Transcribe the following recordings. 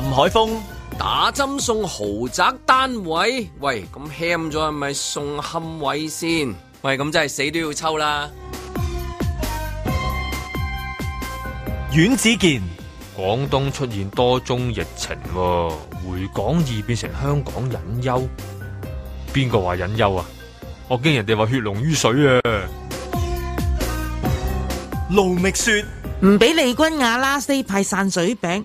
林海峰，打針送豪宅單位，喂，咁慳咗係咪送龕位先？喂，咁真係死都要抽啦！阮子健，廣東出現多宗疫情，回港易變成香港隱憂，邊個話隱憂啊？我驚人哋話血濃於水啊！盧覓雪，唔俾利君雅拉西派散水餅。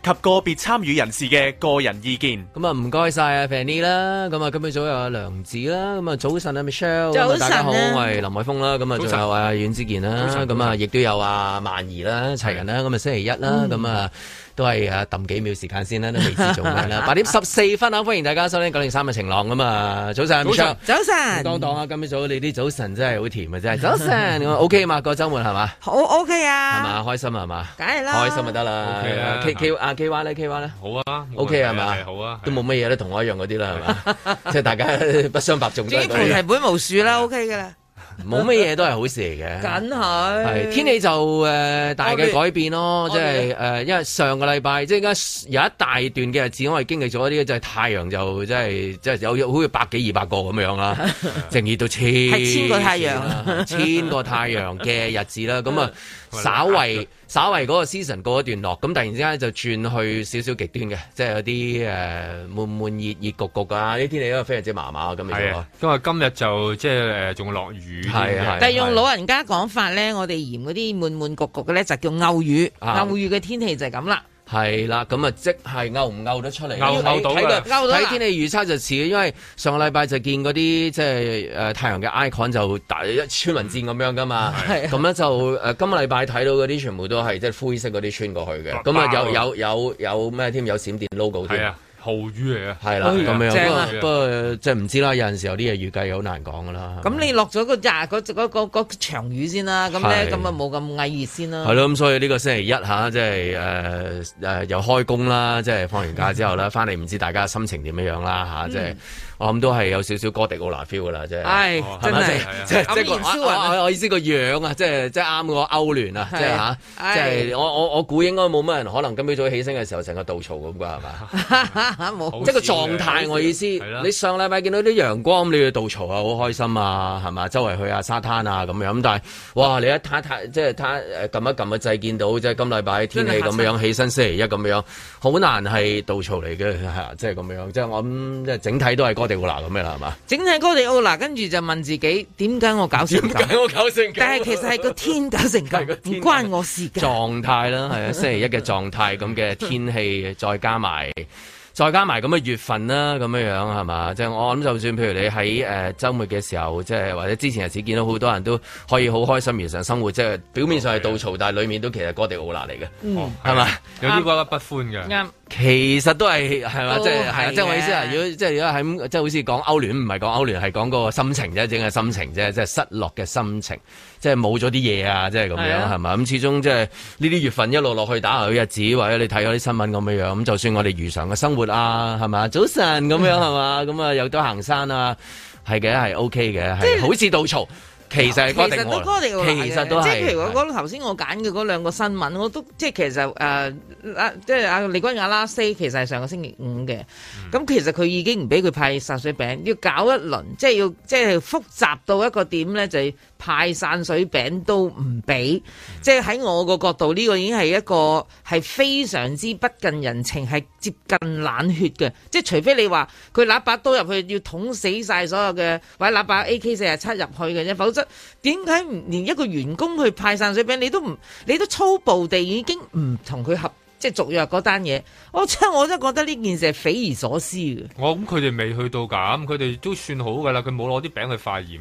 及個別參與人士嘅個人意見。咁啊，啊，唔該晒啊，Fanny 啦。咁啊，今日早有阿梁子啦。咁啊，早晨啊，Michelle。大家好，我係林海峰啦，啊。早咁啊，仲有啊，阮之健啦。早咁啊，亦都有啊，萬儀啦，齊、嗯、人啦。咁啊，星期一啦。咁、嗯、啊，都係啊，抌幾秒時間先啦，都未知做咩啦。八點十四分啊， 歡迎大家收聽九零三嘅晴朗咁啊。早晨。早晨。早晨。當當、 OK okay，啊，今日早你啲早晨真係好甜啊，真係。早晨。O K 嘛，個週末係嘛？好 O K 啊。係嘛，開心啊嘛。梗係啦。開心就、okay、啊得啦。K 玩咧，K 玩咧，好啊，OK 係咪，好啊，okay, 好啊都冇乜嘢咧，同我一樣嗰啲啦，係嘛，即 係 大家不相伯仲都，全 係本無樹啦，OK 噶啦，冇乜嘢都係好事嚟嘅，梗係，係天氣就誒、呃、大嘅改變咯，即係誒、呃，因為上個禮拜即係而家有一大段嘅日子，我哋經歷咗一啲就係、是、太陽就即係即係有好似百幾二百個咁樣啦， 正熱到千,千個太陽，千個太陽嘅日子啦，咁 啊、嗯、稍微稍為嗰個 season 過一段落，咁突然之間就轉去少少極端嘅，即係有啲誒悶悶熱熱焗焗啊！呢啲天氣都非常之麻麻咁樣。係啊，因為今日就即係誒仲落雨。係啊，但係用老人家講法咧，我哋嫌嗰啲悶悶焗焗嘅咧，就叫漚雨，漚雨嘅天氣就係咁啦。係啦，咁啊即係勾唔勾得出嚟？勾到睇啦，睇天氣預測就似，因為上個禮拜就見嗰啲即係誒太陽嘅 icon 就打咗一穿雲箭咁樣噶嘛，咁咧、啊啊、就誒、 呃、今個禮拜睇到嗰啲全部都係即係灰色嗰啲穿過去嘅，咁啊有有有有咩添？有閃電 logo 添、啊。豪雨嚟啊，係啦咁樣，不過即係唔知啦。有陣時有啲嘢預計好難講噶啦。咁你落咗個日嗰場雨先啦，咁咧咁啊冇咁翳熱先啦。係咯，咁所以呢個星期一吓，即係誒誒又開工啦，即係放完假之後啦，翻嚟唔知大家心情點樣啦吓，即係。嗯我諗都係有少少哥迪奧拿 feel 嘅、like、啦、哎，即係係咪？即係即係個 ань，我我意思個樣啊，即係即係啱個歐聯啊，即係嚇！即、啊、係我我我估應該冇乜人可能今朝早起身嘅時候成個稻草咁嘅係嘛？ 即係個狀態、okay. 我意思。你上禮拜見到啲陽光，你嘅稻草啊好開心啊係嘛？周圍去下沙灘啊咁樣咁，但係哇，我哇你一攤即係攤誒撳一撳個掣，見到即係今禮拜天氣咁樣，起身星期一咁樣，好難係稻草嚟嘅即係咁樣，即係我諗即係整體都係咁咩啦，係嘛？整晒嗰啲地奧，跟住就問自己點解我搞成咁？點解我搞成咁？但係其實係個天搞成咁，唔 關我事嘅。狀態啦，係啊，星期一嘅狀態咁嘅 天氣，再加埋。再加埋咁嘅月份啦，咁嘅樣係嘛？即、就、係、是、我諗，就算譬如你喺誒、呃、周末嘅時候，即、就、係、是、或者之前日子見到好多人都可以好開心，日常生活即係、就是、表面上係悼悼，okay. 但係裡面都其實哥迪奧拿嚟嘅，係、嗯、嘛、嗯？有啲鬱鬱不歡嘅啱，其實都係係嘛？即係即係我意思啊！如果即係如果喺即係好似講歐聯唔係講歐聯，係講個個心情啫，整、就、係、是、心情啫，即、就、係、是、失落嘅心情。即係冇咗啲嘢啊！即係咁樣係嘛？咁、啊、始終即係呢啲月份一路落去打下去日子，或者你睇嗰啲新聞咁樣樣。咁就算我哋如常嘅生活啊，係嘛？早晨咁樣係嘛？咁 啊，有得行山啊，係嘅，係 OK 嘅，即係好似吐槽，其實係其實都係即係。如果講頭先我揀嘅嗰兩個新聞，我都即係其實誒、嗯呃，即係阿利君雅拉西，其實係上個星期五嘅。咁、嗯嗯、其實佢已經唔俾佢派殺水餅，要搞一輪，即係要即係複雜到一個點咧，就係。派散水餅都唔俾、嗯，即喺我個角度呢、呢個已經係一個係非常之不近人情，係接近冷血嘅。即除非你話佢拿把刀入去要捅死晒所有嘅，或者拿把 AK 四七入去嘅，否則點解唔連一個員工去派散水餅，你都唔你都粗暴地已經唔同佢合即續約嗰單嘢。我真我真覺得呢件事係匪夷所思嘅。我諗佢哋未去到咁，佢哋都算好㗎啦。佢冇攞啲餅去化驗。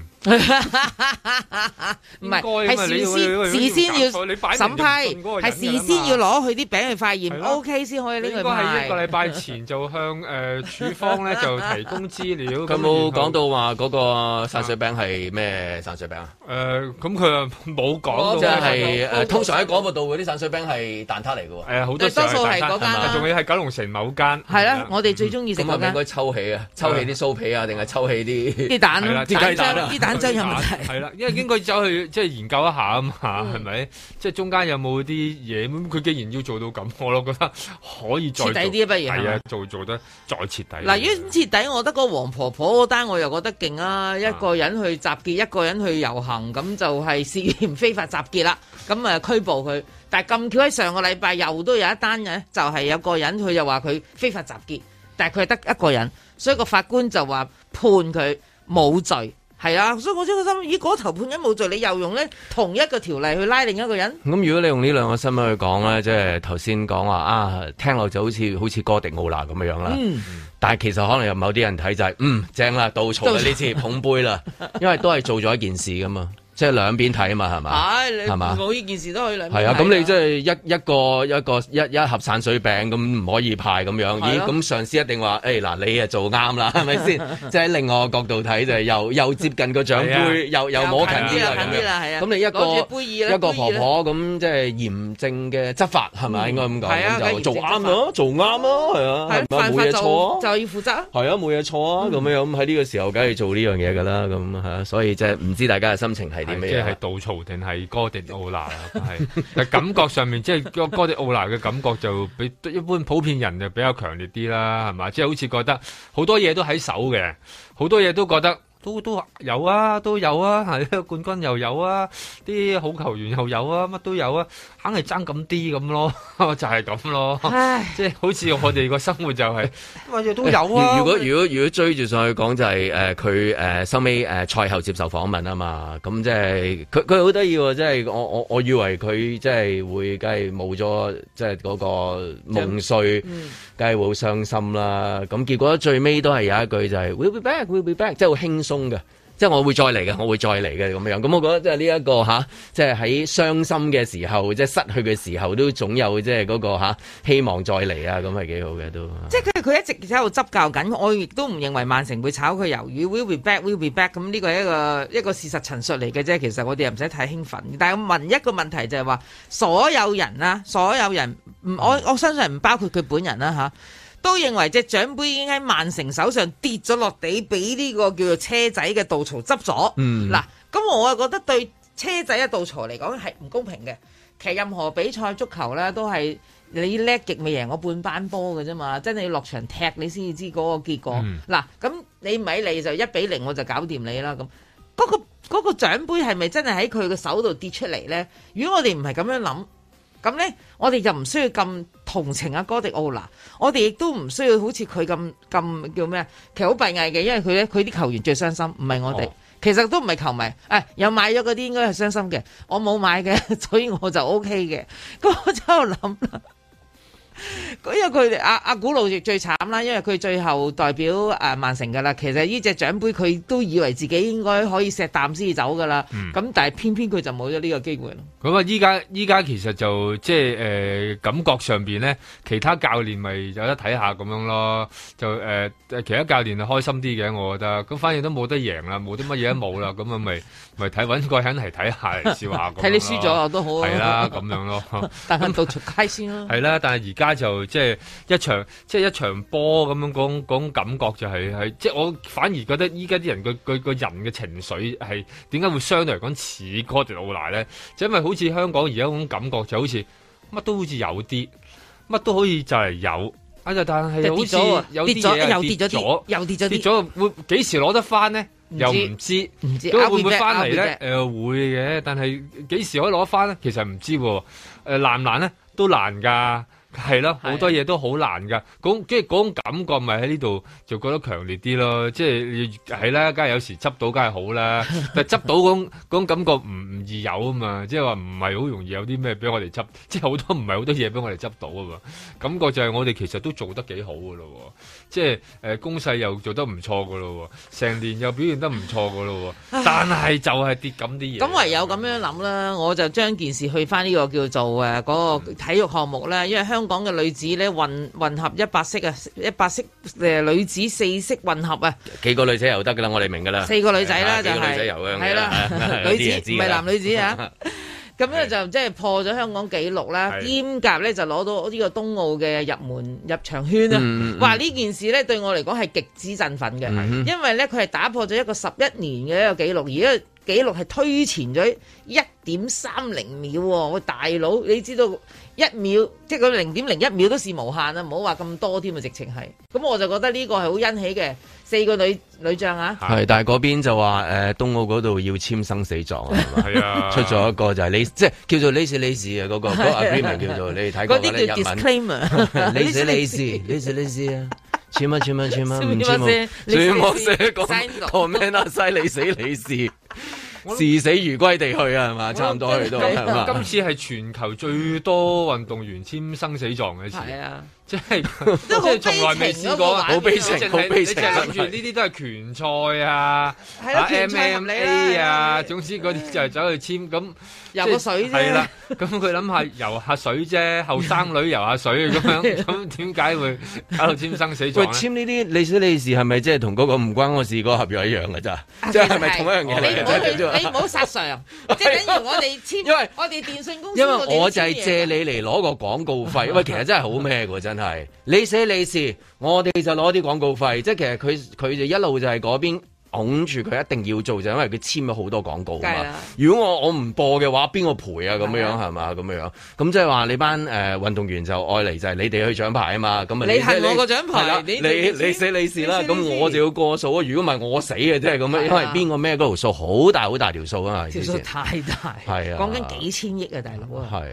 唔係，係事先事先要審批，係事先要攞佢啲餅去化驗，OK 先可以拎過去賣。應該係一個禮拜前就向誒處方咧就提供資料。佢冇講到話嗰個散水餅係咩散水餅啊？誒，咁佢冇講，即係通常喺廣播道嗰啲散水餅係蛋撻嚟㗎喎。誒，好多數係嗰間，仲要係九龍城某間。係啦，我哋最中意食間。咁佢應該抽起啊？抽起啲酥皮啊？定係抽起啲啲蛋？啲雞蛋啦？真係問題係啦、啊，因為應該走去即係研究一下啊嘛，係 咪？即係中間有冇啲嘢咁？佢既然要做到咁，我都覺得可以再徹底啲，不如係啊，做做，做得再徹底。嗱，於徹底，我覺得嗰個黃婆婆個單我又覺得勁啊，啊，一個人去集結，一個人去遊行，咁就係涉嫌非法集結啦。咁啊，拘捕佢。但係咁巧喺上個禮拜又都有一單嘅，就係、是、有個人佢又話佢非法集結，但係佢係得一個人，所以個法官就話判佢冇罪。係啊，所以我真心咦，嗰頭判咗冇罪，你又用咧同一個條例去拉另一個人？咁如果你用呢兩個新聞去講咧，即係頭先講話啊，聽落就好似好似哥迪奧娜咁樣樣啦。嗯、但係其實可能有某啲人睇就係、是，嗯，正啦，到錯啦呢次，捧杯啦，因為都係做咗一件事噶嘛。 即係兩邊睇啊嘛，係嘛？係、啊，你係嘛？冇呢件事都可以兩邊睇。係啊，咁你即係一一個一個一一盒散水餅咁唔可以派咁樣，咁、嗯啊、上司一定話，誒、欸、嗱，你啊做啱啦，係咪先？ 即係喺另外個角度睇就係、是、又又接近個獎杯、啊，又又摸近啲啦。咁、啊啊啊、你一個一個婆婆咁即係嚴正嘅執法係咪、嗯？應該咁講，嗯嗯、就做啱咯、嗯，做啱咯，係、嗯嗯嗯、啊，冇嘢錯。就要負責。係啊，冇嘢錯啊，咁樣咁喺呢個時候梗係做呢樣嘢㗎啦，咁嚇，所以即係唔知大家嘅心情係。即係杜曹定係哥迪奧拿啊，係， 但感覺上面即係哥哥迪奧拿嘅感覺就比一般普遍人就比較強烈啲啦，係嘛？即係好似覺得好多嘢都喺手嘅，好多嘢都覺得。都都有啊，都有啊，係冠軍又有啊，啲好球員又有啊，乜都有啊，硬係爭咁啲咁咯，就係咁咯，即係好似我哋個生活就係乜嘢都有啊。如果如果如果追住上去講就係誒佢誒收尾誒賽後接受訪問啊嘛，咁即係佢佢好得意啊，即係我我我以為佢即係會梗係冇咗即係嗰個夢碎，梗係會好傷心啦。咁結果最尾都係有一句就係 Will be back，Will be back，即係好輕鬆。中嘅，即係我會再嚟嘅，我會再嚟嘅咁樣。咁我覺得即係呢一個吓，即係喺傷心嘅時候，即係失去嘅時候，都總有即係嗰個吓希望再嚟啊！咁係幾好嘅都。即係佢佢一直喺度執教緊，我亦都唔認為曼城會炒佢魷魚。We'll be back, we'll be back。咁呢個係一個一個事實陳述嚟嘅啫。其實我哋又唔使太興奮。但係問一個問題就係話，所有人啦，所有人唔，我我相信唔包括佢本人啦吓。都認為隻獎杯已經喺曼城手上跌咗落地，俾呢個叫做車仔嘅導槽執咗。嗱、嗯啊，咁我啊覺得對車仔嘅導槽嚟講係唔公平嘅。其實任何比賽足球咧都係你叻極未贏我半班波嘅啫嘛，真係要落場踢你先至知嗰個結果。嗱、嗯啊，咁你咪你就一比零我就搞掂你啦。咁嗰個，嗰個獎杯係咪真係喺佢嘅手度跌出嚟咧？如果我哋唔係咁樣諗。咁呢，我哋就唔需要咁同情阿、啊、哥迪奧拿，我哋亦都唔需要好似佢咁咁叫咩？其實好閉翳嘅，因為佢呢，佢啲球員最傷心，唔係我哋，哦、其實都唔係球迷，誒、哎，有買咗嗰啲應該係傷心嘅，我冇買嘅，所以我就 O K 嘅，咁我就喺度諗。因為佢哋阿阿古路最慘啦，因為佢最後代表誒曼城噶啦，其實呢隻獎杯佢都以為自己應該可以錫啖先至走噶啦，咁、嗯、但係偏偏佢就冇咗呢個機會。咁、嗯、啊，依家依家其實就即係誒感覺上邊咧，其他教練咪有得睇下咁樣咯，就誒、呃、其他教練就開心啲嘅，我覺得咁反而都冇得贏啦，冇啲乜嘢都冇啦，咁啊咪。咪睇揾個肯嚟睇下嚟笑下，睇 你輸咗我都好。係啦、啊，咁樣咯， 那 但係到出街先咯。係啦，但係而家就即係一場 即係一場波咁樣嗰種感覺就係、係、係即係我反而覺得依家啲人佢佢個人嘅情緒係點解會相對嚟講似哥迪奧拿咧？就係、因為好似香港而家嗰種感覺就好似乜都好似有啲，乜都可以就係有。但係好似，有啲嘢又跌咗又跌咗跌咗，會幾時攞得翻咧？又唔知，如果會唔會翻嚟咧？誒、啊，會嘅，但係幾時可以攞翻咧？其實唔知喎。誒，難唔難咧？都難噶。係咯，好多嘢都好難噶，咁即係嗰種感覺咪喺呢度就覺得強烈啲咯，即係係啦，梗係有時執到梗係好啦，但執到嗰嗰種感覺唔唔易有啊嘛，即係話唔係好容易有啲咩俾我哋執，即係好多唔係好多嘢俾我哋執到啊嘛，感覺就係我哋其實都做得幾好噶咯，即係誒攻勢又做得唔錯噶咯，成年又表現得唔錯噶咯，但係就係跌緊啲嘢。咁唯有咁樣諗啦，我就將件事去翻呢個叫做誒嗰個體育項目咧，因為香。香港嘅女子咧混混合一百式啊，一百式誒、呃、女子四式混合啊，幾個女仔又得噶啦，我哋明噶啦，四個女仔啦、啊、就女、是、係，係啦，女子唔係、啊、 男女子啊，咁 咧就即係破咗香港紀錄啦，兼夾咧就攞到呢個東奧嘅入門入場圈啊。話呢、嗯嗯、件事咧對我嚟講係極之振奮嘅、嗯嗯，因為咧佢係打破咗一個十一年嘅一個紀錄，而呢個紀錄係推前咗一點三零秒，我、哦、大佬，你知道？一秒即係佢零點零一秒都算無限啊！唔好話咁多添啊，直情係。咁我就覺得呢個係好欣喜嘅，四個女女將啊。係，但係嗰邊就話誒東澳嗰度要簽生死狀啊，係啊，出咗一個就係你即係叫做你死你事啊嗰個嗰個 agreement 叫做你哋睇過咧。嗰啲叫 disclaimer，你死你事你死你事啊，千蚊千蚊千蚊唔簽冇，簽冇寫個 signement 啊，犀利死你死你事。視死如歸地去啊，係嘛？差唔多去到，今次係全球最多運動員簽生死狀嘅一次。 即係即係從來未試過，好悲情，好悲情。跟住呢啲都係拳賽啊，啊，拳賽啊，啊，啊，MMA 啊，總之嗰啲就係走去簽咁游水啫。係啦，咁佢諗下遊下水啫，後 生女遊下水咁樣，咁點解會搞到簽生死狀？喂，籤呢啲你，你事是你是係咪即係同嗰個唔關我事嗰合約一樣㗎、啊？咋即係咪同一樣嘢嚟嘅你唔好殺唔好即係等於我哋簽，因為我哋電信公司，因為我，我就係借你嚟攞個廣告費。喂，其實真係好咩喎？真。係你寫你事，我哋就攞啲廣告費，即係其實佢佢就一路就係嗰邊。住佢一定要做就係，因為佢簽咗好多廣告。如果我我唔播嘅話，邊個賠啊？咁樣樣係嘛？咁樣樣咁即係話你班誒運、呃、動員就愛嚟就係你哋去獎牌啊嘛。咁你係我個獎牌你你死你事啦。咁我就要過數啊。如果唔係我死嘅，即係咁樣。因為邊個孭嗰條數好大好大條數啊嘛。條數太大，係啊，講緊幾千億啊大佬啊。係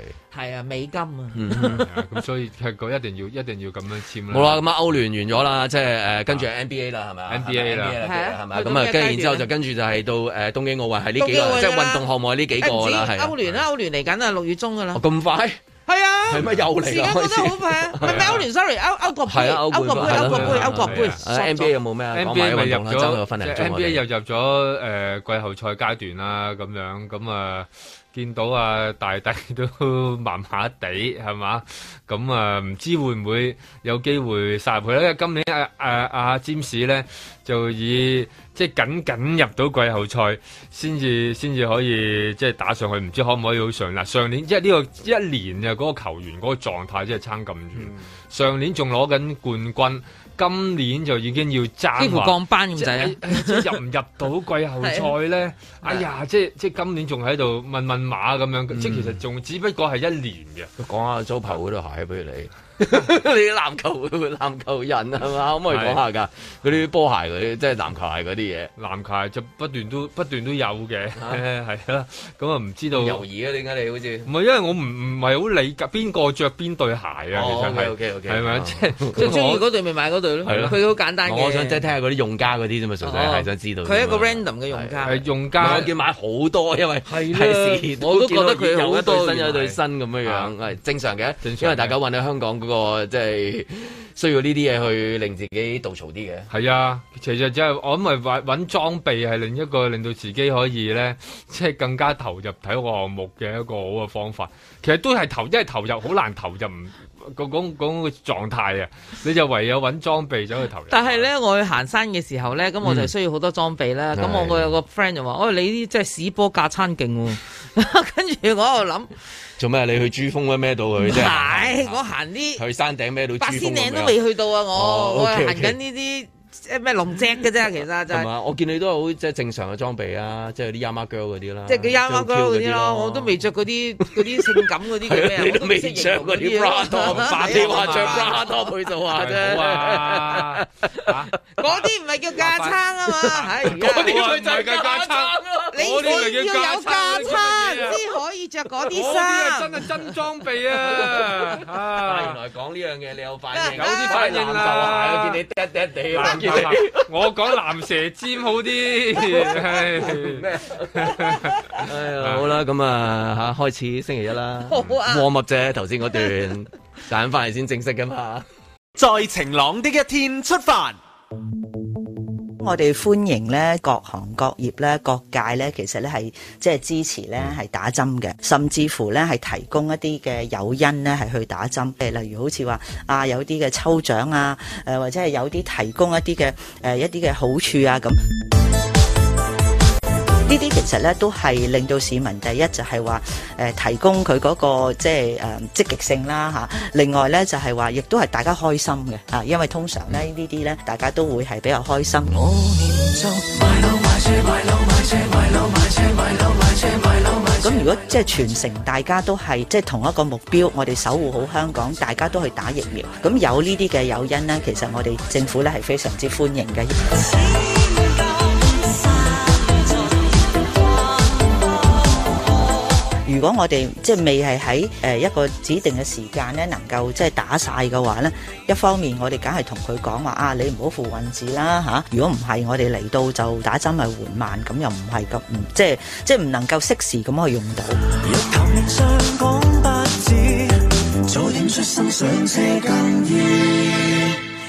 係啊美金啊、嗯。咁 所以踢球一定要一定要咁樣簽啦。咁啊歐聯完咗啦，即係誒、呃、跟住 NBA 啦係咪 NBA 啦係咪？啊咁啊，跟住，然之後就跟住就係到誒東京奧運係呢幾個，即係運動項目係呢幾個啦，係歐聯啦，歐聯嚟緊啊，六月中㗎喇。咁快？係啊。係咩？歐聯。我而家覺得好快啊。唔係歐聯，sorry，歐歐國杯。係啊，歐國杯、歐國杯、歐國杯。NBA 有冇咩啊？NBA 咪入咗，NBA 又入咗誒季後賽階段啦，咁樣咁啊，見到啊大帝都麻麻哋係嘛？咁啊，唔知會唔會有機會殺入去咧？因為今年阿阿阿詹士咧就以即係僅僅入到季後賽，先至先至可以即係打上去，唔知道可唔可以好上。嗱，上年即係呢個一年嘅嗰、嗰個球員嗰個狀態，即係差咁遠。上年仲攞緊冠軍，今年就已經要差，幾乎降班仔，滯、哎、入唔入到季後賽咧？ 啊、哎呀，即係即係今年仲喺度問問馬咁樣，即係其實仲只不過係一年嘅。講、嗯、下周柏豪嗰對鞋俾你。 你啲籃球籃球人係嘛？ 可唔可以講下噶？嗰啲波鞋嗰啲，即係籃球鞋嗰啲嘢，籃球鞋就不斷都不斷都有嘅，係啦。咁啊，唔、 啊、知道猶豫啊？點解你好似唔係？因為我唔唔係好理邊個着邊對鞋啊、哦。其實係係咪？即係中意嗰對咪買嗰對咯？係咯、啊。佢好簡單嘅。我想即係聽下嗰啲用家嗰啲啫嘛，純粹係想知道。佢一個 random 嘅用家。是啊是啊是啊、用家是、啊、我見買好多，因為睇、啊啊啊、我都覺得佢有多一對新有一對新咁樣樣、係、啊啊、正常嘅。因為大家運喺香港。個即係需要呢啲嘢去令自己度槽啲嘅，係啊，其實即係我諗揾裝備係另一個令到自己可以咧，即係更加投入睇個項目嘅一個好嘅方法。其實都係投，即係投入好難投入唔。咁咁嘅狀態啊，你就唯有揾裝備走去投入。但係咧，我去行山嘅時候咧，咁我就需要好多裝備啦。咁、嗯、我有個有個 friend 就話：，哦、哎，你啲即係屎波架餐勁喎。 跟住我就諗，做咩？你去珠峰都、啊、孭到佢？啫？係，我行啲，去山頂孭到、啊。八仙嶺都未去到啊！我、哦、okay, okay。我行緊呢啲。咩龍脊嘅啫，其實真係、就係。我見你都係好即係正常嘅裝備啊，即係啲 Yama girl 嗰啲啦。即係叫 Yama girl 嗰啲咯，我都未着嗰啲啲性感嗰啲叫咩？ 你都未着嗰啲 bra top，你話著 bra top 去做啊啫？嗰啲唔係叫架撐啊嘛，嗰 啲是的 就係叫架撐。你要有架撐。啲可以着嗰啲衫，真係真裝備啊！ 原來講呢樣嘢你有反應，有啲反應就係。呃呃、我見你嗒嗒地，我講、呃呃、藍蛇尖好啲。咩、呃呃哎哎呃哎呃？好啦，咁啊吓，開始星期一啦。好啊，warm up 啫！頭先嗰段，揀翻嚟先正式噶嘛。 再晴朗啲嘅一天出發。我哋歡迎咧，各行各業咧，各界咧，其實咧係即係支持咧，係打針嘅，甚至乎咧係提供一啲嘅誘因咧係去打針，誒例如好似話啊，有啲嘅抽獎啊，誒或者係有啲提供一啲嘅誒一啲嘅好處啊咁。呢啲其實咧都係令到市民第一就係話誒提供佢嗰、那個即係誒積極性啦嚇，另外咧就係話亦都係大家開心嘅嚇，因為通常咧呢啲咧大家都會係比較開心。咁、哦、如果即係全城，大家都係即係同一個目標，我哋守護好香港，大家都去打疫苗，咁有呢啲嘅誘因呢，其實我哋政府咧係非常之歡迎嘅。 如果我哋即係未係喺誒一個指定嘅時間咧，能夠即係打曬嘅話咧，一方面我哋梗係同佢講話啊，你唔好負運字啦，啊，如果唔係，我哋嚟到就打針係緩慢，咁又唔係咁，即係即係唔能夠適時咁去用到。上八字早點出生上車更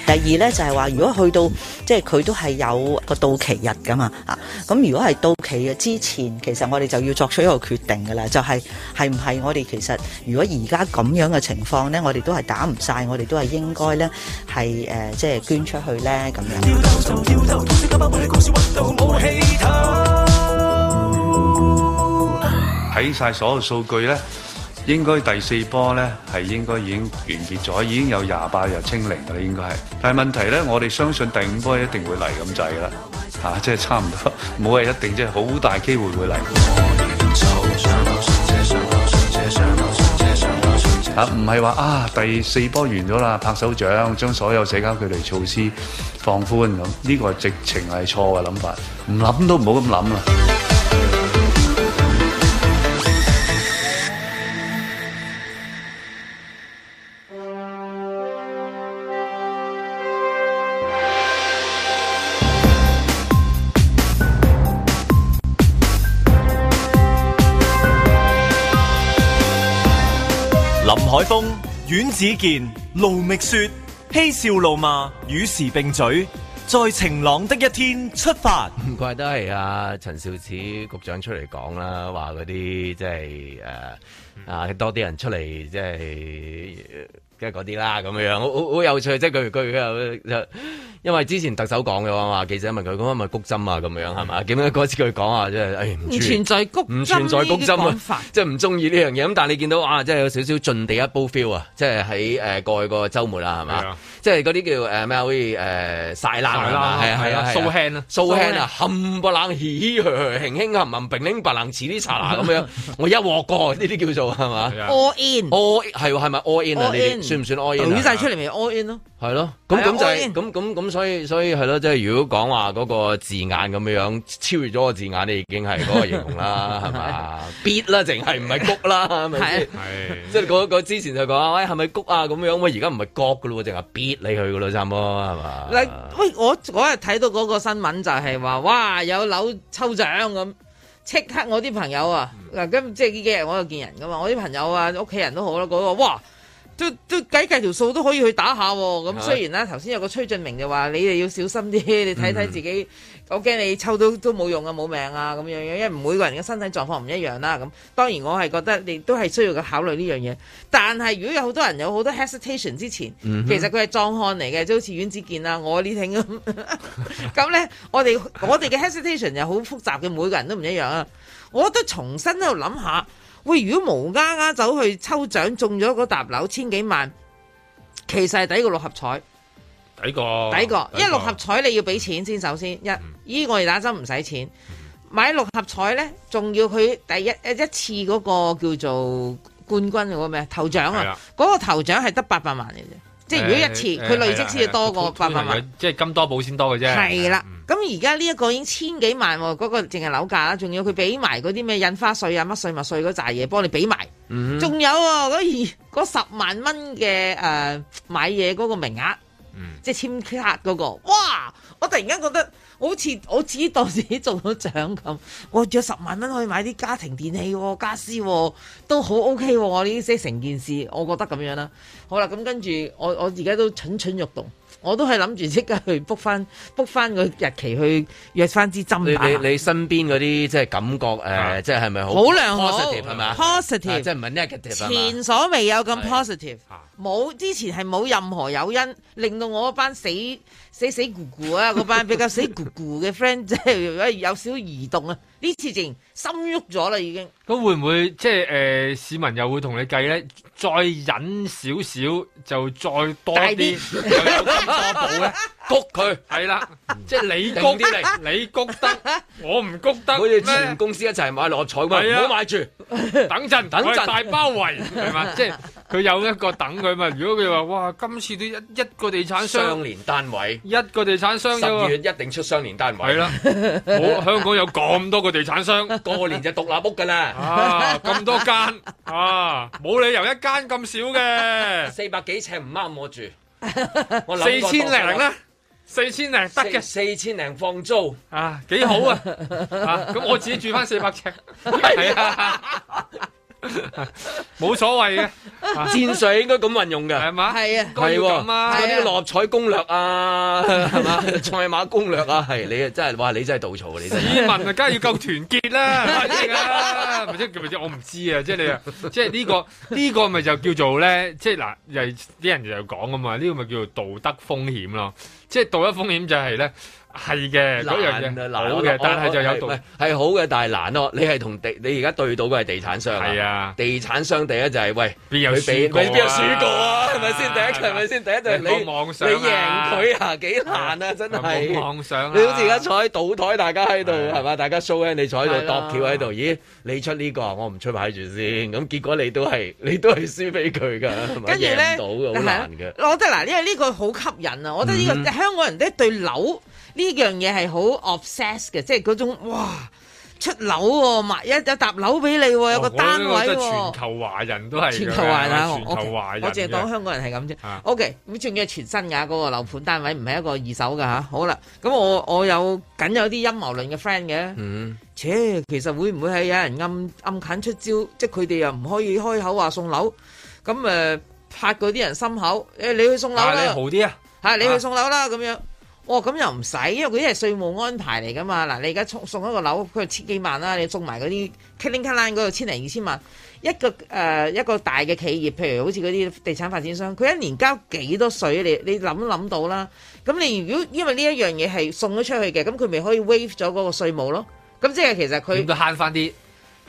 第二咧就係話，如果去到即係佢都係有個到期日噶嘛啊，咁如果係到期嘅之前，其實我哋就要作出一個決定噶啦，就係係唔係我哋其實如果而家咁樣嘅情況咧，我哋都係打唔晒，我哋都係應該咧係誒即係捐出去咧咁樣。睇晒所有數據咧。應該第四波呢，係應該已經完結咗，已經有廿八日清零啦，應該係。但係問題呢，我哋相信第五波一定會嚟咁滯啦，嚇！即係差唔多，冇話一定，即係好大機會會嚟。嚇！唔係話啊，第四波完咗啦，拍手掌，將所有社交距離措施放寬咁，呢個直情係錯嘅諗法，唔諗都唔好咁諗啦。海峰、阮子健、盧覓雪、嬉笑怒罵，與時並嘴，在晴朗的一天出發。唔怪得係阿陳肇始局長出嚟講啦，話嗰啲即係誒啊，多啲人出嚟即係。就是啊即係嗰啲啦，咁樣樣好好有趣，即係佢佢佢，因為之前特首講嘅話，記者問佢，咁係咪谷針啊，咁樣係嘛？點解嗰次佢講啊？即係，唉唔存在谷針呢個方法，即係唔中意呢樣嘢。咁但係你見到啊，即係有少少盡地一煲 feel 啊，即係喺誒過去個週末啦，係嘛？即係嗰啲叫誒咩？誒晒冷係啊係啊，掃輕掃輕啊，冚唪唥起起輕啊，文憑白冷似啲茶咁樣，我一鑊過呢啲叫做係嘛 all in 係係咪 all in 啊？算唔算 all in 啊？融晒出嚟咪 all in 咯，係咯，咁咁就咁咁咁，所以所以係咯，即係如果講話嗰個字眼咁樣超越咗個字眼，你已經係嗰個形容啦，係咪逼啦，淨係唔係谷啦，係咪係即係嗰之前就講、哎、啊，喂，係咪谷啊咁樣喂，而家唔係谷噶咯，淨係逼你去噶咯，差唔多係嘛？喂，我我日睇到嗰個新聞就係、是、話，哇，有樓抽獎咁即刻 c k 我啲朋、嗯、朋友啊，嗱，即係呢幾日我又見人噶嘛，我啲朋友啊，屋企人都好啦，嗰、那個哇！都都計計條數都可以去打下喎、哦，咁雖然啦、啊，頭先有個崔俊明就話你哋要小心啲，你睇睇自己，嗯、我驚你抽到都冇用啊，冇命啊咁樣樣，因為每個人嘅身體狀況唔一樣啦、啊。咁當然我係覺得你都係需要去考慮呢樣嘢，但係如果有好多人有好多 hesitation 之前，嗯、其實佢係壯漢嚟嘅，即好似阮子健啦、啊、我、啊、 呢挺咁，咁咧我哋我哋嘅 hesitation 又 好複雜嘅，每個人都唔一樣啊。我都重新喺度諗下。喂，如果無啱啱走去抽獎中咗嗰沓樓千幾萬，其實係抵個六合彩，抵過，抵過，個，因為六合彩你要俾錢先，首先、嗯，首先一，依我哋打針唔使錢，買六合彩咧，仲要佢第一一一次嗰個叫做冠軍嗰個咩頭獎啊，嗰、嗰個頭獎係得八百萬嚟啫，即係如果一次佢、欸欸、累積先至多過八百萬，即係金多寶先多嘅啫，係啦。嗯咁而家呢一個已經千幾萬，哦，嗰、那個淨係樓價啦，仲要佢俾埋嗰啲咩印花稅啊、乜稅物稅嗰扎嘢，幫你俾埋，仲、mm -hmm. 有嗰、哦、二十萬蚊嘅誒買嘢嗰個名額，mm -hmm. 即係簽卡嗰、那個，哇！我突然間覺得好似我自己當自己中咗獎咁，我着十萬蚊可以買啲家庭電器、哦、家私、哦、都好 OK，我、哦、呢些成件事，我覺得咁樣啦。好啦，咁跟住我我而家都蠢蠢欲動。我都係諗住即刻去 book 翻 book 翻個日期去約翻支針。你你,你身邊嗰啲即係感覺誒，即係係咪好 positive 係咪 positive 即係、啊、唔係、就是、negative 前所未有咁 positive，冇、啊、之前係冇任何誘因令到我班死死死咕咕啊，嗰班比較死咕咕嘅 friend 即係有少少移動啊，呢次情。心喐咗啦，已經。咁會唔會即係誒市民又會同你計咧？再忍少少就再多啲，有更多步咧，谷佢。係啦，即係你谷啲嚟，你谷得，我唔谷得。佢哋全公司一齊買六合彩嘛，唔好買住，等陣，等陣大包圍，係嘛？即係佢有一個等佢嘛。如果佢話哇，今次都一一個地產商，雙連單位，一個地產商十二月一定出雙連單位。係啦，好香港有咁多個地產商。過年就獨立屋㗎啦，啊咁多間啊，冇理由一間咁少嘅，四百幾尺唔啱我住，我諗四千零啦，四千零得嘅，四千零放租啊幾好啊，啊咁我自己住翻四百尺係啊。冇 所謂嘅，戰術應該咁運用嘅，係嘛？係啊，係啊，啊啊有啲六合彩攻略啊，係嘛、啊？賽、啊、馬攻略啊，係 你啊，真係，哇！你真係稻草啊， 啊就是、你！市民啊，梗係要夠團結啦，係咪先啊？唔知，唔知，我唔知啊，即係你啊，即係呢個，呢、 這個咪、這個、就叫做咧，即係嗱，又啲人就講啊嘛，呢、這個咪叫做道德風險咯、啊，即、就、係、是、道德風險、啊、就係、是、咧。係嘅，難嘅，但係就有度係好嘅，但係難咯。你係同地，你而家對到嘅係地產商。係啊，地產商第一就係喂，邊有輸過啊？邊有輸過啊？係咪先第一場？係咪先第一對？你你贏佢啊？幾難啊！真係。妄想啊！你好似而家坐喺賭台，大家喺度係嘛？大家 show in 你坐喺度，度喺度。咦？你出呢個，我唔出牌住先。咁結果你都係，你都係輸俾佢噶。跟住咧，賭好難嘅。我覺得嗱，因為呢個好吸引啊！我覺得呢個香港人咧對樓。呢樣嘢係好 obsess 嘅，即係嗰種哇出樓喎、啊，一一沓樓俾你喎，有個單位喎、啊哦。全球華人都係全球華人啊！全球華人啊 okay, okay, 我淨係講香港人係咁啫。OK，咁仲要係全新嘅嗰、那個樓盤單位，唔係一個二手嘅嚇、啊。好啦，咁我我有緊有啲陰謀論嘅 friend 嘅、嗯，切其實會唔會係有人暗暗近出招？即係佢哋又唔可以開口話送樓，咁誒、呃、拍嗰啲人心口誒、哎，你去送樓啦，好啲啊，係你、啊啊、你去送樓啦咁樣。哦，咁又唔使，因為嗰啲係稅務安排嚟噶嘛。嗱，你而家送送一個樓，佢千幾萬啦，你送埋嗰啲乞零乞撚嗰度千零二千萬，一個誒、呃、一個大嘅企業，譬如好似嗰啲地產發展商，佢一年交幾多稅？你你諗諗到啦。咁你如果因為呢一樣嘢係送咗出去嘅，咁佢咪可以 waive 咗嗰個稅務咯？咁即係其實佢應該慳翻啲，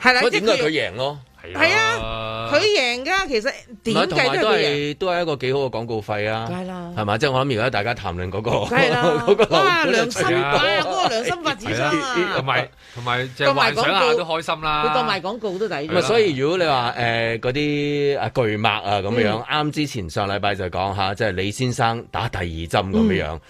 係啦，即係佢贏咯。係啊，佢贏噶，其實點計都係都係一個幾好嘅廣告費啊，係嘛，即係、就是、我諗而家大家談論嗰個，嗰 個良心，嗰個良心發展商啊，同埋同埋即做埋廣告都開心啦，啊、當埋廣告都抵、啊、所以如果你話誒嗰啲啊巨擘啊咁樣，啱、嗯、之前上禮拜就講下即係、就是、李先生打第二針咁樣樣。嗯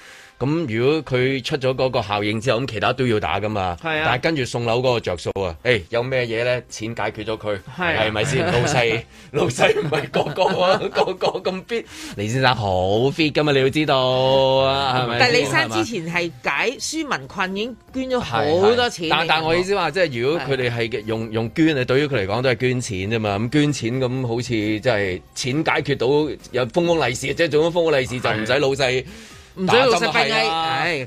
咁如果佢出咗嗰個效應之後，咁其他都要打噶嘛？係啊。但係跟住送樓嗰個着數啊！誒、哎，有咩嘢咧？錢解決咗佢係咪先？老細 老細唔係個個喎、啊， 個個咁必。i t 李先生好 fit 噶嘛？你要知道啊，係咪？ 但係李生之前係解書文困已經捐咗好多錢。是是但係，但我意思話，即係如果佢哋係用用捐，對於佢嚟講都係捐錢啫嘛。咁捐錢咁好似即係錢解決到有風光利是，即係做咗風光利是就唔使老細。唔使老實計，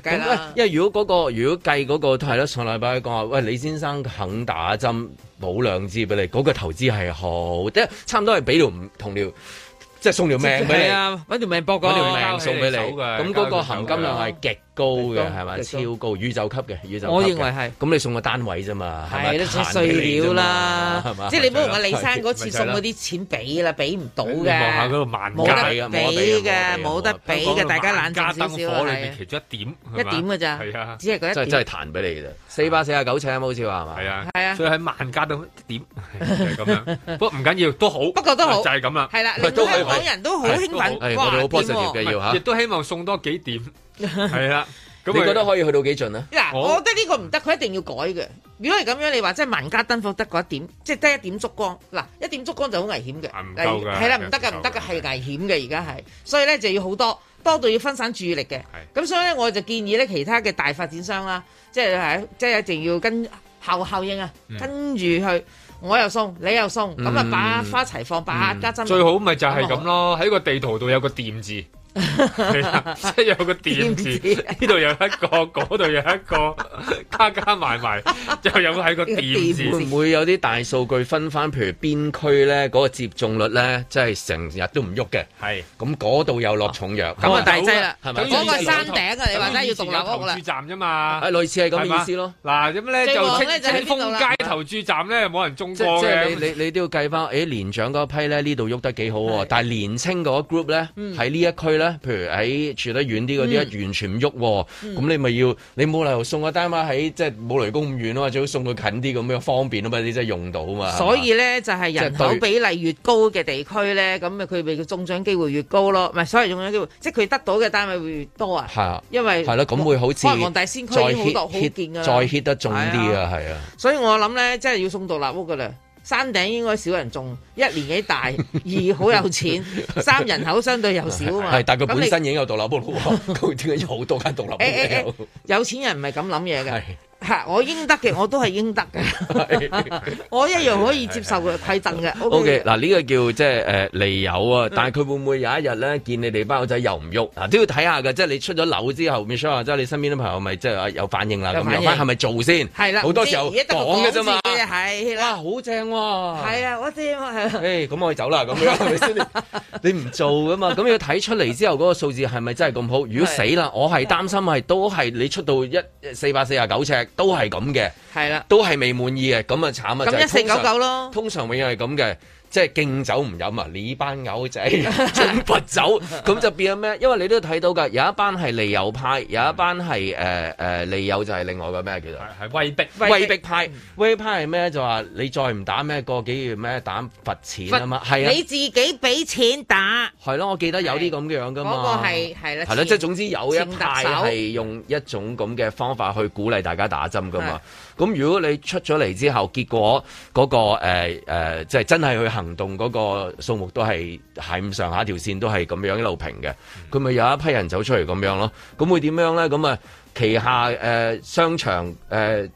誒，梗啦。因為如果嗰個，如果計嗰個，係咯，上禮拜佢講話，喂，李先生肯打針補兩支俾你，嗰個投資係好，即係差唔多係俾條同條，即係送條命俾你啊！揾條命搏條命送俾你。咁嗰個含金量係極高嘅係咪？超高宇宙級嘅宇宙級的。我認為係咁，噉你送個單位啫嘛，係咪？彈碎料啦，係嘛、啊？即係你唔好同阿李生嗰次送嗰啲錢俾啦，俾唔到嘅。望、嗯、下嗰個萬家，冇俾嘅，冇得俾嘅。大家冷靜少少。萬家燈火裏面、啊、其中一點，一點嘅咋、啊，只係嗰一。真真係彈俾你嘅啫，四百四啊九尺，好似話係嘛？係啊，所以喺萬家都點係咁樣。不過唔緊要，都好，不過都好，就係咁啦，係啦，兩香港人都好興奮，哇！嘅，要。亦都希望送多幾點。係 啦、啊，你覺得可以去到幾盡啊？嗱，我覺得呢個唔得，佢一定要改嘅。如果係咁樣，你話即係萬家燈火得嗰一點，即係得一點燭光，嗱、啊，一點燭光就好危險嘅，係啦，唔得噶，唔得噶，係危險嘅，而家係，所以咧就要好多，多到要分散注意力嘅。咁所以咧，我就建議咧，其他嘅大發展商啦，即係即係一定要跟後效應啊，嗯、跟住去，我又送，你又送，咁、嗯、啊、嗯，百花齊放，百家爭，最好咪就係咁咯，喺個地圖度有個點字。係 啊，即、就、係、是、有個電子呢度有一個，嗰 度有一個，加加埋埋，就有又係個點字，字，會，不會有啲大數據分翻，譬如邊區咧嗰、那個接種率咧，即係成日都唔喐嘅。係，咁嗰度又落重藥，咁啊，是是那個、大劑係即係，咪嗰、那個山頂，是是、那個、山頂是是啊？你話齋要獨立屋住站啫嘛，係類似係咁意思咯。嗱咁咧就清風街投注站咧，冇、嗯、人中過嘅即係你 你，你都要計翻，誒、哎、年長嗰批咧呢度喐得幾好喎、啊，但係年青嗰 group 咧喺呢、嗯、在這一區咧。譬如喺住得遠啲嗰啲完全唔喐、哦，咁、嗯、你咪要你冇理由送個單位喺即係冇雷公咁遠咯，最好送佢近啲咁樣方便啊嘛，你真係用到啊嘛。所以咧就係、是、人口比例越高嘅地區咧，咁咪佢咪中獎機會越高咯，唔係所謂中獎機會，即係佢得到嘅單位會越多啊。係啊，因為係咯，咁、啊、會好似黃大仙區已經好熱好熱啊，再 hit 得重啲啊，係啊。所以我諗咧，真係要送到獨立屋噶啦。山頂應該少人種，一年紀大， 二好有錢，三人口相對又少啊嘛。係 你，但佢本身已經有獨立屋啦，佢點解有好多間獨立屋嘅？有錢人唔係咁諗嘢嘅。我應得嘅，我都係應得嘅， 是 我一樣可以接受嘅批震嘅。O K，嗱呢個叫即係誒利友啊、嗯！但係佢會唔會有一日咧見你哋班友仔又唔喐？嗱、嗯、都要睇下嘅，即係你出咗樓之後，Michelle 即係你身邊啲朋友咪即係有反應啦咁樣。係咪做先？係啦，好多時候講嘅啫嘛。係啊哇，好正喎！係啊，我知咁、哎、我走啦咁 樣，你唔做噶嘛？咁要睇出嚟之後嗰 個數字係咪真係咁好？如果死啦，我係擔心係 都係你出到一四百四十九尺。都係咁嘅，係啦，都係未滿意嘅，咁啊慘啊！就一四九九咯，通常永遠係咁嘅。即係敬酒唔飲啊！你班友仔敬罰酒，咁 就變咗咩？因為你都睇到㗎，有一班係利友派，有一班係誒誒利友就係另外個咩叫做？係威逼，威逼，威，逼威逼派，威逼派係咩？就話你再唔打咩過幾月咩，打罰錢啊嘛係啊！你自己俾錢打係咯，啊，我記得有啲咁嘅樣㗎嘛。嗰，啊那個係係啦，即係，啊啊，總之有一派係用一種咁嘅方法去鼓勵大家打針㗎嘛。咁如果你出咗嚟之後，結果嗰、那個誒誒，即、呃、係、呃就是、真係去行動嗰個數目都係係唔上下條線都係咁樣一路平嘅，佢、嗯、咪有一批人走出嚟咁樣咯？咁會點樣咧？咁啊，旗下誒、呃、商場誒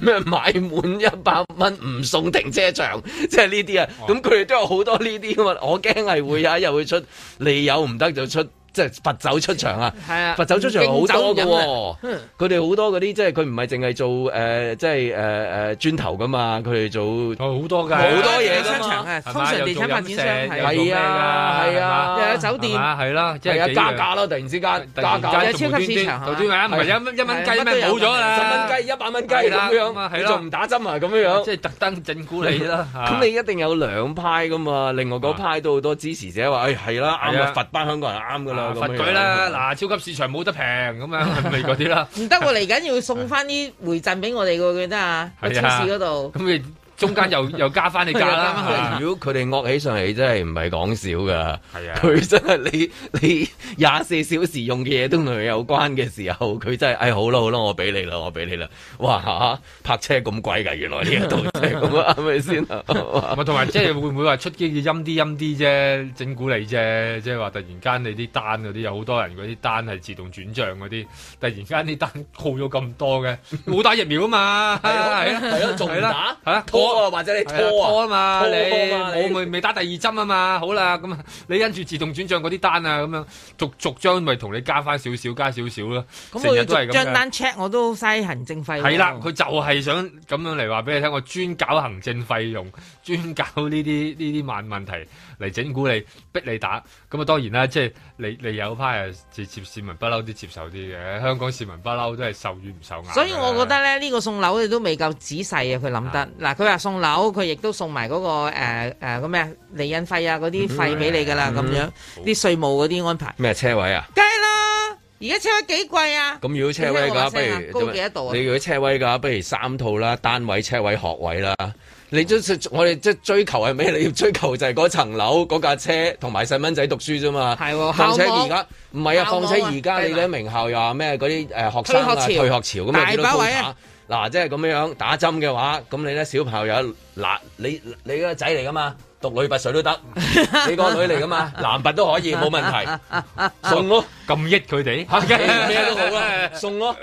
咩、呃、買滿一百蚊唔送停車場，即係呢啲啊？咁佢哋都有好多呢啲啊嘛！我驚係會有一日會出你有唔得就出。即、就、係、是、佛走出場啊！係 啊，佛走出場好多噶、啊，佢哋好多嗰啲即係佢唔係淨係做即係誒誒磚頭噶嘛，佢哋做好多㗎，好多嘢商、啊、通常地產發展商係啊，係啊，有啊啊啊有酒店，係啦、啊，即係加價咯，突然之間加價又超級市場，就唔係一蚊一蚊雞咩？冇咗啦，十蚊雞一百蚊雞咁樣係啦，仲唔打針啊？咁樣樣即係特登整蠱你啦。咁你一定有兩派噶嘛，另外嗰派都好多支持者話：，誒係啦，啱啊，佛班香港人啱噶啦。罰佢啦！嗱、嗯啊，超級市場冇得平咁 樣，咪嗰啲啦。唔得喎，嚟緊要送翻啲回贈俾我哋喎，記 得啊？喺超市嗰度。咁、啊啊啊啊啊、你？中間又 又加翻你價啦，如果佢哋惡起上嚟，真係唔係講少㗎。係啊，佢、啊啊、真係你你廿四小時用嘅嘢都同佢有關嘅時候，佢真係唉、哎、好啦好啦，我俾你啦，我俾你啦。哇拍、啊、泊車咁貴㗎，原來呢一度即咁啊，係咪先啊？唔同埋即係會唔會話出機嘅陰啲陰啲啫，整蠱你啫？即係話突然間你啲單嗰啲有好多人嗰啲單係自動轉賬嗰啲，突然間啲單耗咗咁多嘅，冇 打疫苗啊嘛，係啦係啊，做係啦嚇。或者你拖啊，啊拖嘛，拖，拖嘛你我咪未打第二針啊嘛， 好啦，咁你跟住自動轉賬嗰啲單啊，咁樣逐逐張咪同你加翻少少，加少少咯。咁、嗯、我逐張單 check 我都嘥行政費。係啦，佢就係想咁樣嚟話俾你聽，我專搞行政費用。專搞呢啲呢啲慢問題嚟整蠱你，逼你打咁啊！當然啦，即係你你有批啊，接接市民不嬲啲接受啲嘅。香港市民不嬲都係受軟唔受硬。所以我覺得咧，呢、這個送樓你都未夠仔細啊！佢諗得嗱，佢、嗯、話送樓，佢亦都送埋嗰、那個誒誒個咩釐印費啊，嗰啲費俾你噶啦，咁、嗯、樣啲稅務嗰啲安排。咩車位啊？梗係啦，而家車位幾貴啊！咁如果車位噶，不如高幾多度、啊、你如果車位噶，不如三套啦，單位車位學位啦。你都，我哋即係追求係咩？你要追求就係嗰層樓、嗰架車同埋細蚊仔讀書啫嘛。係喎，況且而家唔係啊，況且而家你睇名校又話咩？嗰啲誒學生啊退學、退學潮，大把位啊！嗱，即係咁樣打針嘅話，咁你咧小朋友有嗱你你個仔嚟噶嘛？讀女拔萃都得，你個女嚟㗎嘛？男拔都可以冇問題，送咯，咁益佢哋嚇，咩都好啦，送咯，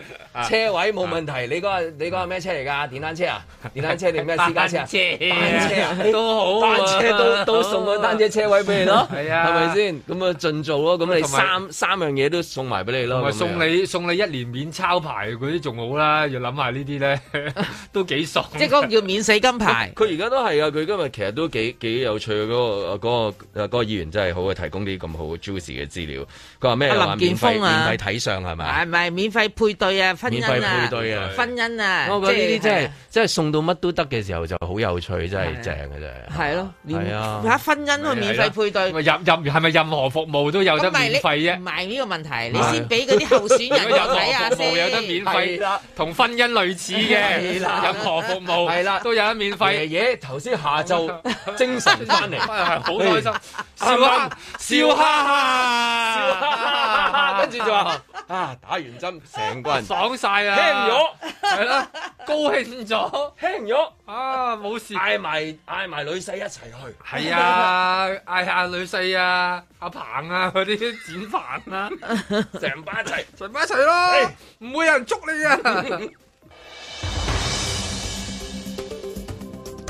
車位冇問題。你嗰個你嗰個咩車嚟㗎？電單車啊？電單車定咩私家車啊？單車都好，單車都都送個單車車位俾你咯。係啊，係咪先？咁啊盡做咯。咁你三三樣嘢都送埋俾你咯。送你送你一年免抄牌嗰啲仲好啦。要諗下呢啲咧，都幾爽。即係嗰個叫免死金牌。佢而家都係啊！佢今日其實都幾幾～有趣嗰個嗰、嗰個嗰、嗰個、議員真係好啊！提供啲咁好嘅 juicy 嘅資料。佢話咩？林建峰啊，免費睇相係咪？係咪免費配對啊？婚姻啊？配婚姻啊？我覺得呢啲真係、啊、真係送到乜都得嘅時候就好有趣，真係正嘅啫。係咯，係啊，婚姻去免費配對。入任係咪任何服務都有得免費啫？唔係呢個問題，你先俾嗰啲候選人、啊、 有得免費，同、 啊、婚姻類似嘅、啊。任何服務係啦、啊，都有得免費。爺爺頭先下晝精神。翻嚟係好開心、哎笑哈嗯嗯，笑哈，笑哈哈，跟住就話啊,啊,啊,啊,啊,啊打完針成個人爽晒。啊輕咗係啦高興咗輕咗啊冇事，嗌埋嗌埋女婿一齊去係啊，嗌下女婿啊阿彭啊嗰啲、啊啊、剪飯啦、啊，成班一齊成班一齊咯，唔、欸、會有人捉你嘅。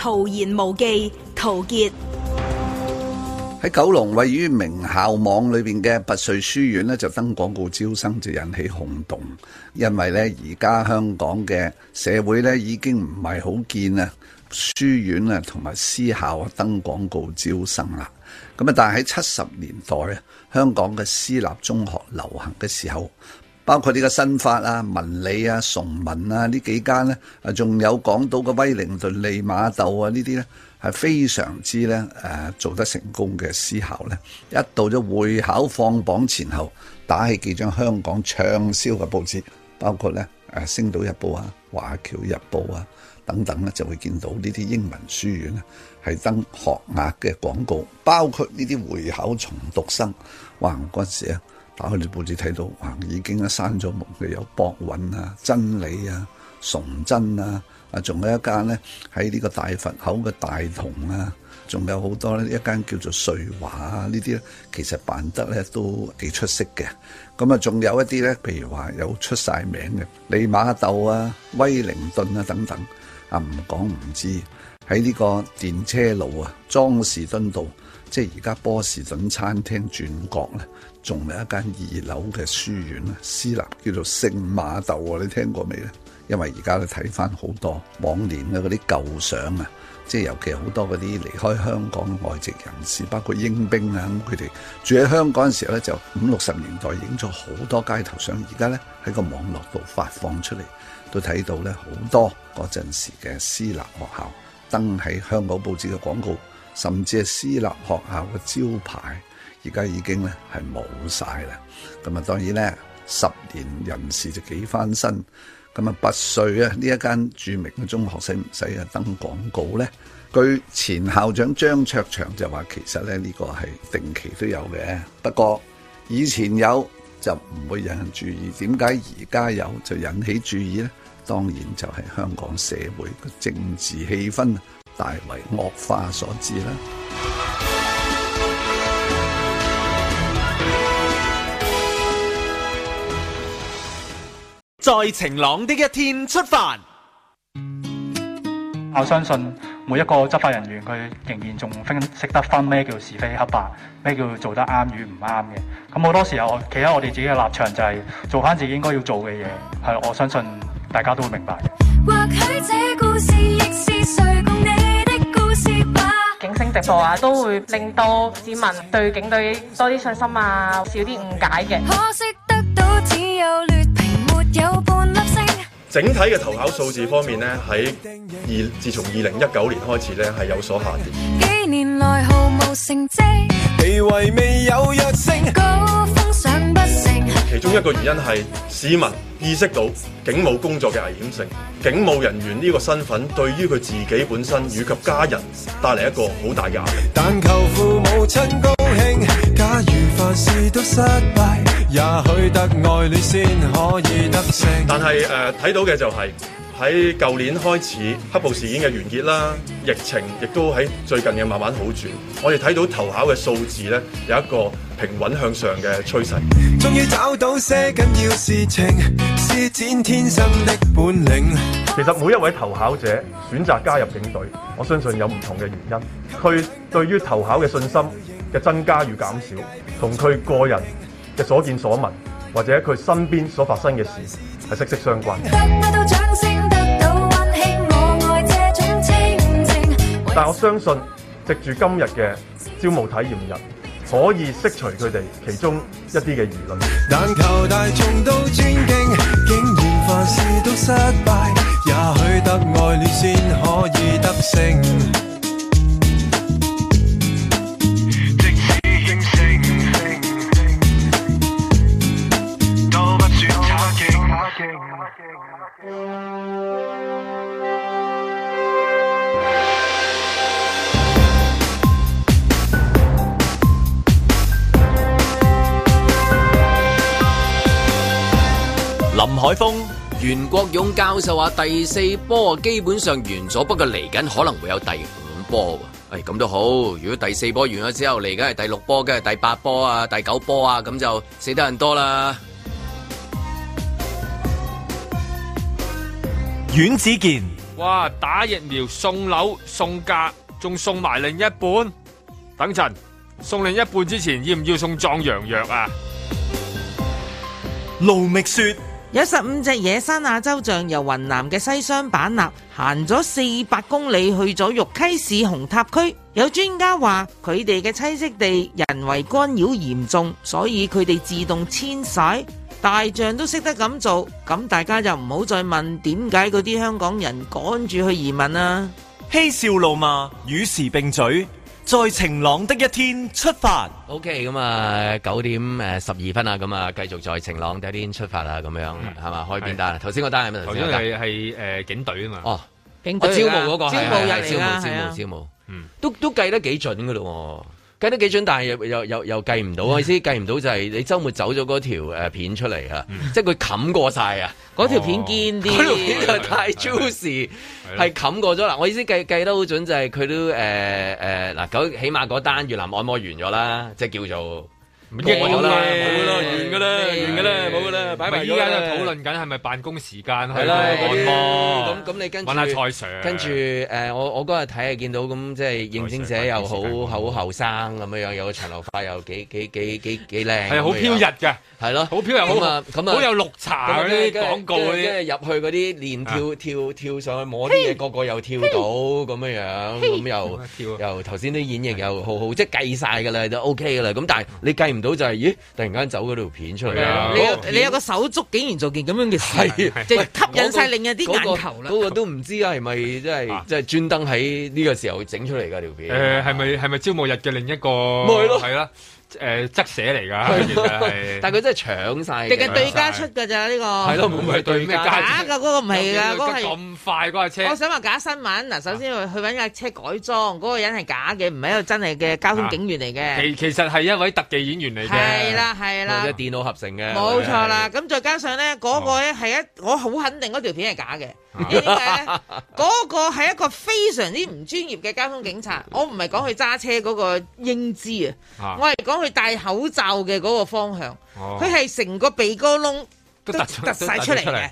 陶言無忌，陶傑。喺九龍位於名校網裏邊嘅拔萃書院呢，就登廣告招生，就引起轟動，因為呢，而家香港嘅社會呢，已經唔係好見啊書院啊同埋私校登廣告招生啦。咁啊，但係喺七十年代啊，香港嘅私立中學流行嘅時候，包括呢個新法啊、文理啊、崇文啊呢幾間咧，啊仲有港島嘅威靈頓、利馬豆啊呢啲咧，係非常之咧誒做得成功嘅私校咧。一到咗會考放榜前後，打起幾張香港暢銷嘅報紙，包括咧誒《星島日報》啊、《華僑日報》啊等等咧，就會見到呢啲英文書院啊係登學額嘅廣告，包括呢啲會考重讀生。哇！嗰時啊～打開啲報紙睇到，哇，已經啊刪咗木嘅有博韻啊、真理啊、崇真啊，啊，仲有一間咧喺呢個大佛口嘅大同啊，仲有好多咧，一間叫做瑞華啊，呢啲咧其實辦得咧都幾出色嘅。咁啊，仲有一啲咧，譬如話有出晒名嘅利馬竇啊、威靈頓啊等等，啊，唔講唔知喺呢個電車路啊、莊士敦道。即係而家波士頓餐廳轉角咧，仲有一間二樓嘅書院咧，私立叫做聖馬竇，你聽過未咧？因為而家你睇翻好多往年嘅嗰啲舊相啊，即係尤其好多嗰啲離開香港外籍人士，包括英兵啊，咁佢哋住喺香港嘅時候咧，就五六十年代影咗好多街頭相，而家咧喺個網絡度發放出嚟，都睇到咧好多嗰陣時嘅私立學校登喺香港報紙嘅廣告。甚至係私立學校嘅招牌，而家已經咧係冇晒啦。咁啊，當然咧，十年人事就幾翻身。咁啊，拔萃啊，呢一間著名嘅中學使唔使啊登廣告咧？據前校長張卓祥就話：其實咧呢個係定期都有嘅，不過以前有就唔會引人注意，點解而家有就引起注意咧？當然就係香港社會嘅政治氣氛。大為惡化所致啦！在晴朗的一天出發，我相信每一個執法人員佢仍然仲分識得分咩叫是非黑白，咩叫做得啱與唔啱嘅。咁好多時候，我企喺我哋自己嘅立場，就係做翻自己應該要做嘅嘢。係，我相信大家都會明白嘅。是亦是誰共你的故事吧，警星直播啊，都會令到市民對警隊多啲信心啊，少啲誤解嘅。可惜得到只有劣整體嘅投考數字方面呢，喺二自從二零一九年開始呢，係有所下跌。幾年來毫無成績，地位未有躍升，高峰上不勝。其中一個原因係市民意識到警務工作嘅危險性，警務人員呢個身份對於佢自己本身以及家人帶嚟一個好大嘅壓力。但求父母親高興。假如凡事都失敗，也許得愛戀先可以得勝。但係誒，睇、呃、到嘅就係喺舊年開始黑暴事件嘅完結啦，疫情亦都喺最近嘅慢慢好轉，我哋睇到投考嘅數字咧有一個平穩向上嘅趨勢。終於找到些緊要事情，施展天生的本領。其實每一位投考者選擇加入警隊，我相信有唔同嘅原因，佢對於投考嘅信心嘅增加與減少，同佢個人嘅所見所聞，或者佢身邊所發生嘅事，係息息相關。但我相信，藉住今日嘅招募體驗日，可以釋除佢哋其中一啲嘅輿論。海峰，袁國勇教授話第四波基本上完咗，不過嚟緊可能會有第五波。哎，咁都好，如果第四波完咗之後嚟緊係第六波，跟住第八波啊、第九波啊，咁就死得人多啦。阮子健，哇！打疫苗送樓送假，仲送埋另一半。等陣送另一半之前，要唔要送壯陽藥啊？盧覓雪。有十五隻野生亞洲象由雲南嘅西雙版納行咗四百公里去咗玉溪市紅塔區，有專家話佢哋嘅棲息地人為干擾嚴重，所以佢哋自動遷徙。大象都識得咁做，咁大家就唔好再問點解嗰啲香港人趕住去移民啦，啊！嬉笑怒罵，與時並舉。在晴，okay, 嗯、在晴朗的一天出發。O K，咁啊，九點誒十二分啊，咁啊，繼續在晴朗第一天出發啊，咁樣係嘛？開邊單？頭先嗰單係咩？頭先係係誒警隊啊嘛。哦，警隊的、啊、招募嗰、嗰個招募，招募招募、啊、招募招募，嗯，都都計得幾準噶咯、哦。計得幾準，但係又又又又計唔到，我意思計唔到就係你週末走咗嗰條片出嚟啊、嗯，即係佢冚過晒啊！嗰、嗯、條片堅啲，嗰、哦、條片就太 juicy，係、哦、冚過咗啦！我意思計計得好準就係、是、佢都誒誒嗱，起碼嗰單越南按摩完咗啦，即係叫做。益咗啦，完噶啦，完噶啦，冇噶啦，擺明依家都討論緊係咪辦公時間去按摩咁，咁你跟住搵下蔡 Sir。跟住、呃、我我嗰日睇啊，見到咁即係應徵者又好好後生咁樣樣，有個長頭髮又幾幾幾幾幾靚。係好飄逸嘅，係咯，好、嗯、飄逸好嘛，咁啊好有綠茶嗰啲廣告即係，入去嗰啲連跳跳跳上去摸啲嘢，個個又跳到咁樣樣，咁又又頭先啲演員又好好，即係計晒㗎啦，就 O K 㗎啦。咁但係你計唔到就係、是，咦？突然間走嗰條片出嚟啦、啊！你有、哦、你有個手足，竟然做件咁樣嘅事，就吸引晒另一啲眼球啦！嗰、那個都唔知是是、就是、啊，係咪即係即係專登喺呢個時候整出嚟噶條片？誒、呃，係咪係咪朝暮日嘅另一個？咪係咯，係啦、啊。誒、呃，側寫嚟㗎， 但佢真係搶晒。即係對家出㗎咋呢個？係咯，唔係對咩家、啊？假㗎嗰個唔係㗎，嗰係咁快嗰架車。我想話假新聞嗱，首先、啊、去揾架車改裝，嗰、嗰個人係假嘅，唔係一個真係嘅交通警員嚟嘅、啊。其其實係一位特技演員嚟嘅，係啦係啦，或者電腦合成嘅。冇錯啦，咁、啊、再加上咧，嗰、嗰個咧係一，我好肯定嗰條片係假嘅。點解咧？嗰 個係一個非常之唔專業嘅交通警察， 我唔係講佢揸車嗰個英姿啊，我係講。佢戴口罩嘅嗰個方向，哦，佢係成個鼻哥窿都凸晒出嚟嘅。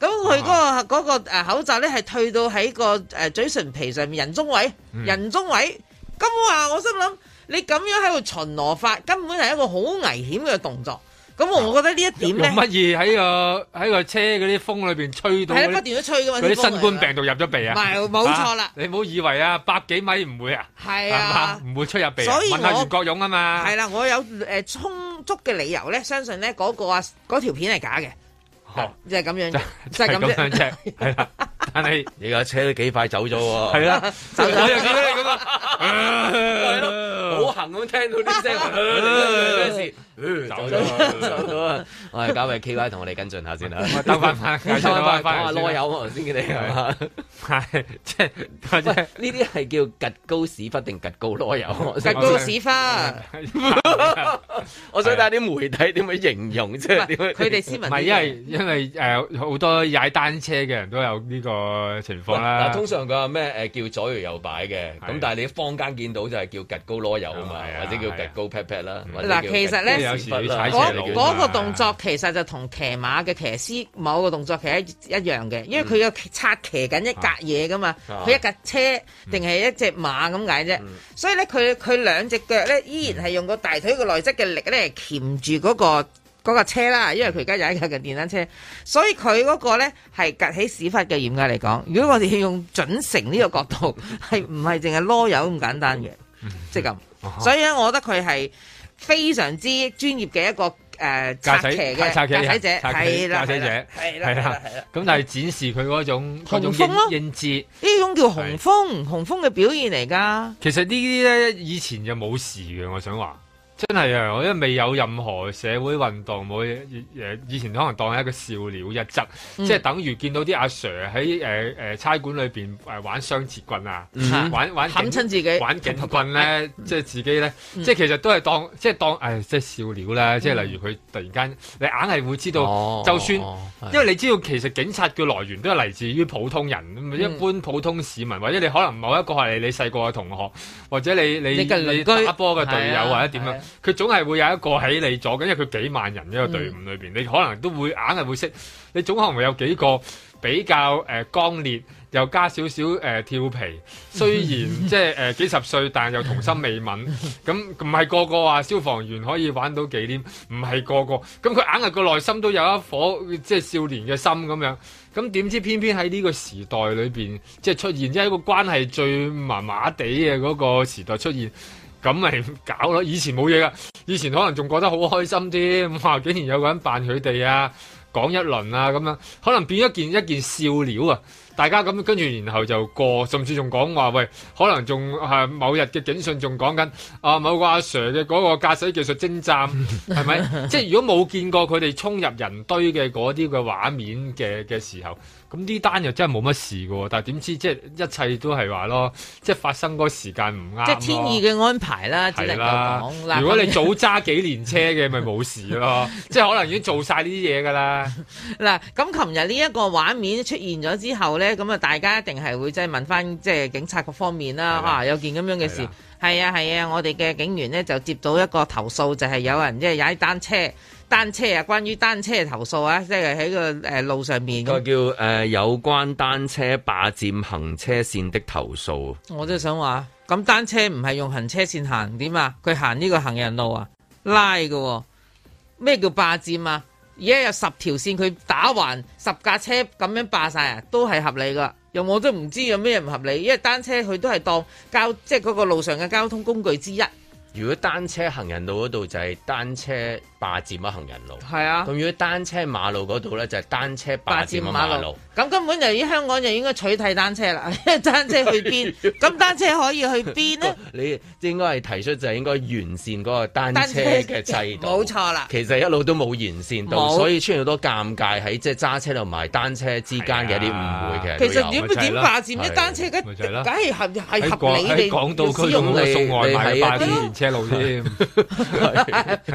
咁佢嗰個嗰、哦，嗰個誒口罩咧，係退到喺個誒嘴唇皮上面人中位，人中位。咁我話我心諗，你咁樣喺度巡邏法，根本係一個好危險嘅動作。咁我覺得呢一點，做乜嘢喺個喺個車嗰啲風裏邊吹到，係咧不斷都吹嘅嘛，嗰啲新冠病毒入咗鼻啊！唔係冇錯啦，你唔好以為啊，百幾米唔會啊，係啊，唔會吹入鼻啊！所以問下袁國勇啊嘛，係啦，我有誒充足嘅理由咧，相信咧嗰個啊嗰條片係假嘅。哦、即係、是、咁樣，即係、是、咁樣係啦。但係你架車都幾快走咗喎。係啦，走咗咁好行咁聽到啲聲、啊啊嗯，走咗、啊，我係交俾 K Y 同我哋跟進下先啦。收翻翻，收翻翻。羅友先叫你係，係即係呢啲係叫吉高屎忽定吉高羅友？吉高屎忽。我想睇下啲媒體點樣形容，即係佢哋斯文係因為。因為誒，好、呃、多踩單車嘅人都有呢個情況啦。嗱，通常佢話咩誒叫左搖右擺嘅，咁但係你坊間見到就係叫趷高囉柚啊嘛，或者叫趷高劈劈啦。嗱、嗯嗯嗯，其實咧，嗰嗰、那個動作、嗯、其實就同騎馬嘅騎師某個動作其實一樣嘅、嗯，因為佢要策騎緊一格嘢噶嘛，佢、嗯、一格車定係一隻馬咁解啫。所以咧，佢佢兩隻腳咧依然係用個大腿的的力、那個內側嘅力咧鉗住嗰個。嗰、那、架、個、車啦，因為佢而家有一架嘅電單車，所以佢嗰個咧係趌起屎忽嘅。嚴格嚟講，如果我哋要用準繩呢個角度，係唔係淨係囉柚咁簡單嘅，即係咁。所以咧，我覺得佢係非常之專業嘅一個誒駕駛嘅駕駛者，係啦，係啦，係啦。咁但係展示佢嗰種嗰、啊、種英呢、啊、種叫雄風，雄風嘅表現嚟噶。其實呢啲咧以前就冇事嘅，我想話。真係啊！我因為未有任何社會運動，我以前可能當係一個笑料一則，嗯、即係等於見到啲阿 Sir 喺誒誒差館裏面玩雙截棍啊，嗯、玩玩揞親自己，玩警棍咧、嗯，即係自己咧、嗯，即係其實都係當即係當誒即係笑料啦。嗯、即係例如佢突然間，你硬係會知道，哦、就算、哦、因為你知道其實警察嘅來源都係嚟自於普通人，嗯、一般普通市民，或者你可能某一個係你細個嘅同學，或者你你你打波嘅隊友或者點樣。佢總係會有一個起利左，因為佢幾萬人一個隊伍裏面，你可能都會硬係會識，你總可能會有幾個比較誒剛、呃、烈，又加少少誒、呃、跳皮，雖然即係誒幾十歲，但又童心未泯。咁唔係個個話、啊、消防員可以玩到幾點，唔係個個。咁佢硬係個內心都有一顆即係少年嘅心咁樣。咁點知偏偏喺呢個時代裏面，即係出現，即係一個關係最麻麻地嘅嗰個時代出現。咁咪搞咯！以前冇嘢噶，以前可能仲覺得好開心啲，咁話竟然有個人扮佢哋啊，講一輪啊，咁樣可能變一件一件笑料啊！大家咁跟住，然後就過，甚至仲講話喂，可能仲係某日嘅警訊，仲講緊啊某個阿 Sir 嘅嗰個駕駛技術精湛，係 咪？即係如果冇見過佢哋衝入人堆嘅嗰啲嘅畫面嘅嘅時候。咁呢單又真係冇乜事嘅，但係點知即係一切都係話咯，即係發生嗰時間唔啱，即係天意嘅安排啦，只能夠講啦。如果你早揸幾年車嘅，咪 冇事咯。即係可能已經做晒呢啲嘢㗎啦。嗱，咁琴日呢一個畫面出現咗之後咧，咁啊，大家一定係會即係問翻即係警察各方面啦。啊，有件咁樣嘅事。係啊，係啊，我哋嘅警員呢，就接到一個投訴，就係、是、有人即係踩單車，單車啊，關於單車嘅投訴啊,即係喺個誒路上面。個叫誒、呃、有關單車霸佔行車線的投訴。我真係想話，咁單車唔係用行車線行點啊？佢行呢個行人路啊，拉嘅，咩叫霸佔啊？而家有十條線，佢打橫十架車噉樣霸晒，都係合理㗎。又我都唔知有咩唔合理，因為單車佢都係當交即係嗰個路上嘅交通工具之一。如果單車行人路嗰度就係單車霸佔啊行人路，係啊。咁如果單車馬路嗰度咧就係單車霸佔馬馬路。咁根本由於香港就應該取締單車啦， 單車去邊？咁 單車可以去邊呢？ 你應該係提出就係應該完善嗰個單車嘅制度。冇錯啦。其實一路都冇完善到，所以出現好多尷尬喺即係揸車同埋單車之間嘅一啲誤會嘅、啊。其實點點霸佔啲、就是、單車，梗梗係合理嘅。喺廣喺廣島區用嚟送外賣啲。車路添，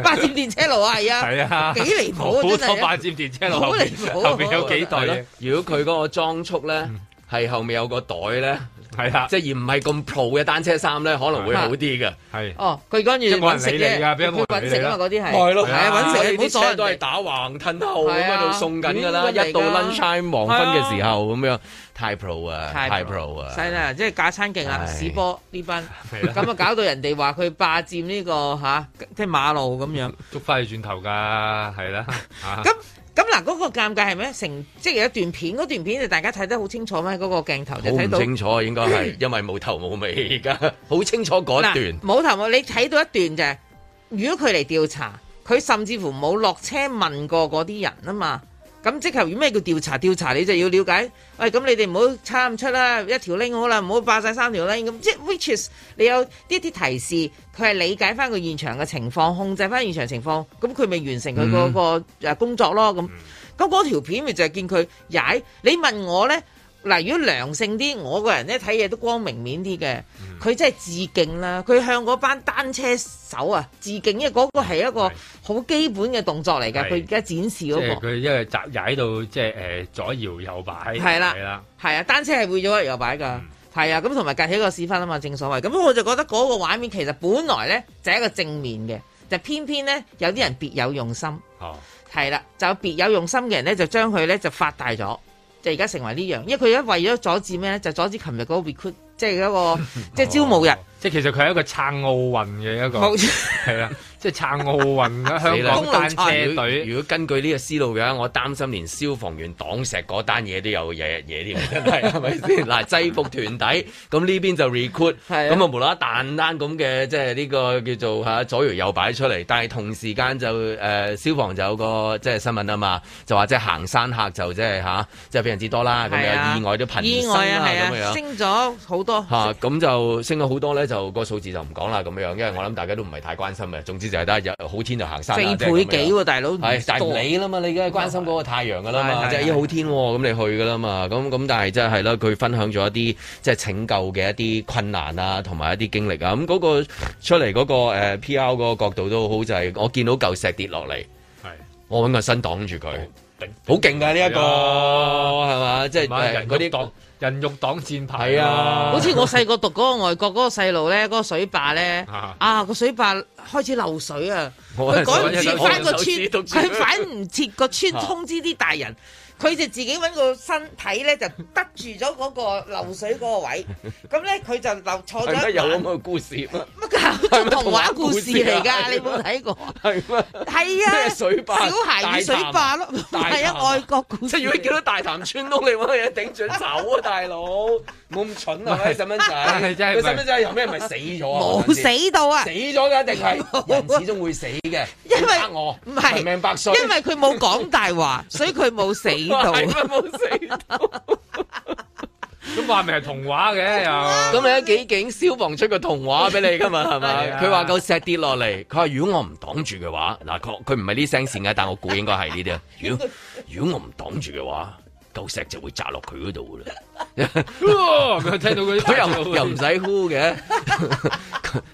八佔電車路啊，而家係啊，幾離譜啊，八佔電車路，好離譜，後面有幾袋啊。如果佢嗰個裝束咧，係、嗯、後面有個袋咧。係啦、啊，即係而唔係咁 pro 嘅單車衫咧，可能會好啲嘅。係、啊啊。哦，佢跟住揾食嘅，佢揾食啊嘛，嗰啲係。咯，係啊，揾、啊啊啊啊、食，冇所謂都係打橫吞號咁喺度送緊㗎啦。一到 lunchtime 黃昏、啊、嘅時候咁、啊、樣，太 pro 啊，太 pro 啊。犀利，即係架撐勁啊！屎波呢班，咁啊，啊，啊 搞到人哋話佢霸佔呢、呢個吓，即、啊、係馬路咁樣。捉翻去轉頭㗎，係啦。咁。咁、嗯、嗱，嗰、嗰個尷尬係咩？成即有一段片，嗰段片就大家睇得好清楚咩？嗰、嗰個鏡頭就睇到清楚，應該係 因為冇頭冇尾，而家好清楚嗰段冇，嗯、頭冇你睇到一段就係如果佢嚟調查，佢甚至乎冇落車問過嗰啲人啊嘛。咁即係佢咩叫調查？調查你就要了解。喂、哎，咁你哋唔好參唔出啦，一條 link 好啦，唔好霸晒三條 link。咁即係 which is 你有啲啲提示，佢係理解翻個現場嘅情況，控制翻現場情況，咁佢咪完成佢個個誒工作咯。咁咁嗰條片咪就係見佢踩。你問我咧，嗱，如果良性啲，我個人咧睇嘢都光明面啲嘅。佢真係致敬啦！佢向嗰班單車手啊致敬，因為嗰個係一個好基本嘅動作嚟㗎。佢而家展示嗰、那個，佢因為集踩到即係、呃、左搖右擺。係啦，係啦，係啊！單車係會左搖右擺㗎，係、嗯、啊！咁同埋隔起個屎忽啊嘛，正所謂咁，我就覺得嗰個畫面其實本來咧就係、是、一個正面嘅，就偏偏咧有啲人別有用心。哦，係啦，就別有用心嘅人咧，就將佢咧就發大咗。而家成為呢樣，因為佢一為咗阻止咩咧，就阻止琴日嗰個 recruit，即係嗰個即係招募人。即係、哦、其實佢係一個撐奧運嘅一個，係 啊。即係撐奧運啊，香港單車隊如。如果根據呢個思路嘅，我擔心連消防員擋石嗰單嘢都有嘢嘢添，係咪先？嗱， 制服團體咁呢邊就 recruit，咁啊就無啦啦彈單咁嘅，即係呢個叫做左搖右擺出嚟。但係同時間就誒、呃、消防就有個即係新聞啊嘛，就話即係行山客就即係吓，即係非常之多啦。咁樣、啊、意外都頻生啦咁、啊啊、樣，升咗好多嚇。咁、啊、就升咗好多咧，就個數字就唔講啦咁樣，因為我諗大家都唔係太關心嘅。總之。就係但係好天就行山，四倍幾喎、就是啊、大佬。係但你啦嘛，是你梗係關心嗰個太陽噶啦嘛。即係要好天咁、啊、你去噶啦嘛。咁咁但係真係啦，佢分享咗一啲即係拯救嘅一啲困難啊，同埋一啲經歷啊。咁、那、嗰個出嚟嗰、嗰個、呃、P R 嗰個角度都好好，就係、是、我見到嚿石跌落嚟，係我揾個身擋住佢，好勁噶呢一個係嘛？即係啲講。人肉擋箭牌啊，好似我細個讀嗰個外國嗰個細路咧，嗰、嗰個水壩咧，啊，啊、嗰個水壩開始漏水啊，佢趕唔住翻個村，佢反唔切個村，個村通知啲大人。啊啊佢就自己揾個身體咧，就得住咗嗰個漏水嗰個位，咁咧佢就漏錯咗。梗係有咁嘅故事啦，乜卡通童話故事嚟㗎？你冇睇過？係嘛？係啊，小孩與水壩咯，係啊，外國故事。即係要幾多大潭村窿嚟揾嘢頂住手啊，大佬！冇咁蠢啊，細蚊仔！你真係，細蚊仔有咩唔係死咗啊？冇死到啊！死咗㗎定係人始終會死嘅。因為唔係長命百歲，因為佢冇講大話，所以佢冇死。係咪冇死到？咁話明係童話嘅又，咁 有幾警消防出個童話俾你噶嘛？係咪？佢話個石跌落嚟，佢話如果我唔擋住嘅話，嗱，佢唔係呢聲線嘅，但我估應該係呢啲。如果如果我唔擋住嘅話。舊石就會砸落佢嗰度噶啦，佢又又唔使呼嘅，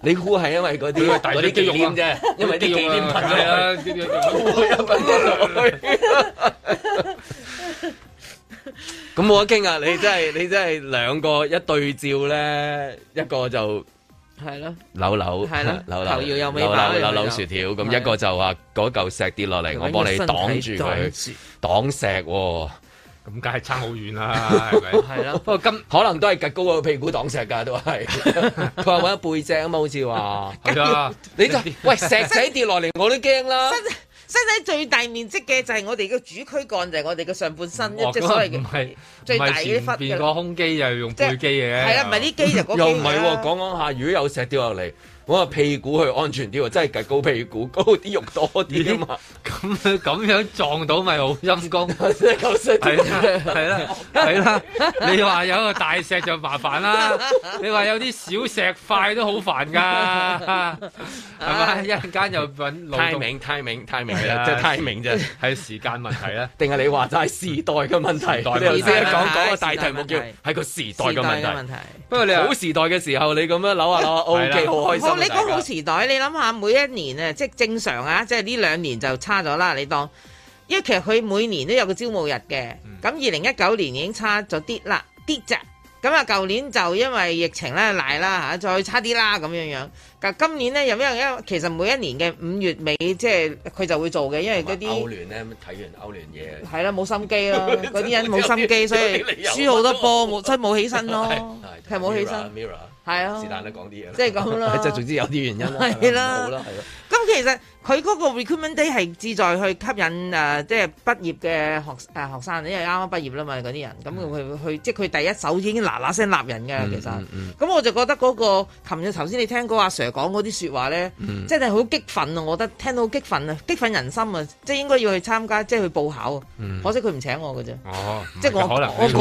你呼係因為嗰啲嗰啲紀念啫，因為啲紀念品啊，咁冇得傾啊，你真係你真係兩個一對照咧，一個就係咯扭扭，頭搖又尾擺，扭扭薯條咁，一個就話嗰嚿石跌落嚟，我幫你擋住佢擋石。咁梗係差好遠啦、啊，係咪？係 啦是吧，不過今可能都係趨高個屁股擋石㗎，都係。佢話一背脊啊嘛，好似話。係 啦、啊，你就 喂，石仔跌落嚟我都驚啦。身仔最大面積嘅就係我哋嘅主軀幹，就係、是、我哋嘅上半身、哦、即係所謂嘅。唔係唔係前邊個胸肌又用背肌嘅。係、就、啦、是，唔係啲肌就嗰 又唔係喎、啊，講講下，如果有石跌落嚟，我屁股去安全啲，真係高屁股高啲肉多啲啊嘛！咁、欸、咁 樣撞到咪好陰功？係 啦， 啦， 你話有個大石就麻煩啦， 你話有啲小石塊都好煩噶。係、啊、咪一又間又揾老名，明？名，明？ 太明啦，即係太明，啫，係時間問題啦。定係 你話齋時代嘅問題？我意思講個大題目叫係個時代嘅問,問題。不過你好時代嘅時候， 你咁說 樣扭下下扭，OK，好開心。哦、你講好時代，你諗下每一年啊，即正常啊，即係呢兩年就差咗啦。你當，因為其實佢每年都有個招募日嘅，咁二零一九年已經差咗啲啦，啲咋，咁啊舊年就因為疫情咧賴啦吓再差啲啦咁樣樣。嗱，今年咧有咩？因為其實每一年嘅五月尾，即係佢就會做嘅，因為嗰啲歐聯咧，睇完歐聯嘢，係啦，冇心機咯，嗰 啲人冇心機，所以輸好多波，冇 真冇起身咯，係冇起身，係啊，都一就是但啦，講啲嘢，即係咁啦，總之有啲原因啦，啦，係咯。咁其實佢嗰個 recruitment day 係志在去吸引誒、啊，即係畢業嘅學誒、啊、生，因為啱啱畢業啦嘛，嗰啲人，咁佢去即係佢第一手已經嗱嗱聲立人㗎啦、嗯，其實。咁、嗯、我就覺得嗰、那個琴日頭先你聽過阿、啊、sir。講嗰啲說話咧，嗯、真係好激憤啊！我覺得聽到激憤啊，激憤人心啊，即係應該要去參加，即係去報考啊、嗯哦！可惜佢唔請我嘅啫，即係我我過咗。喂，你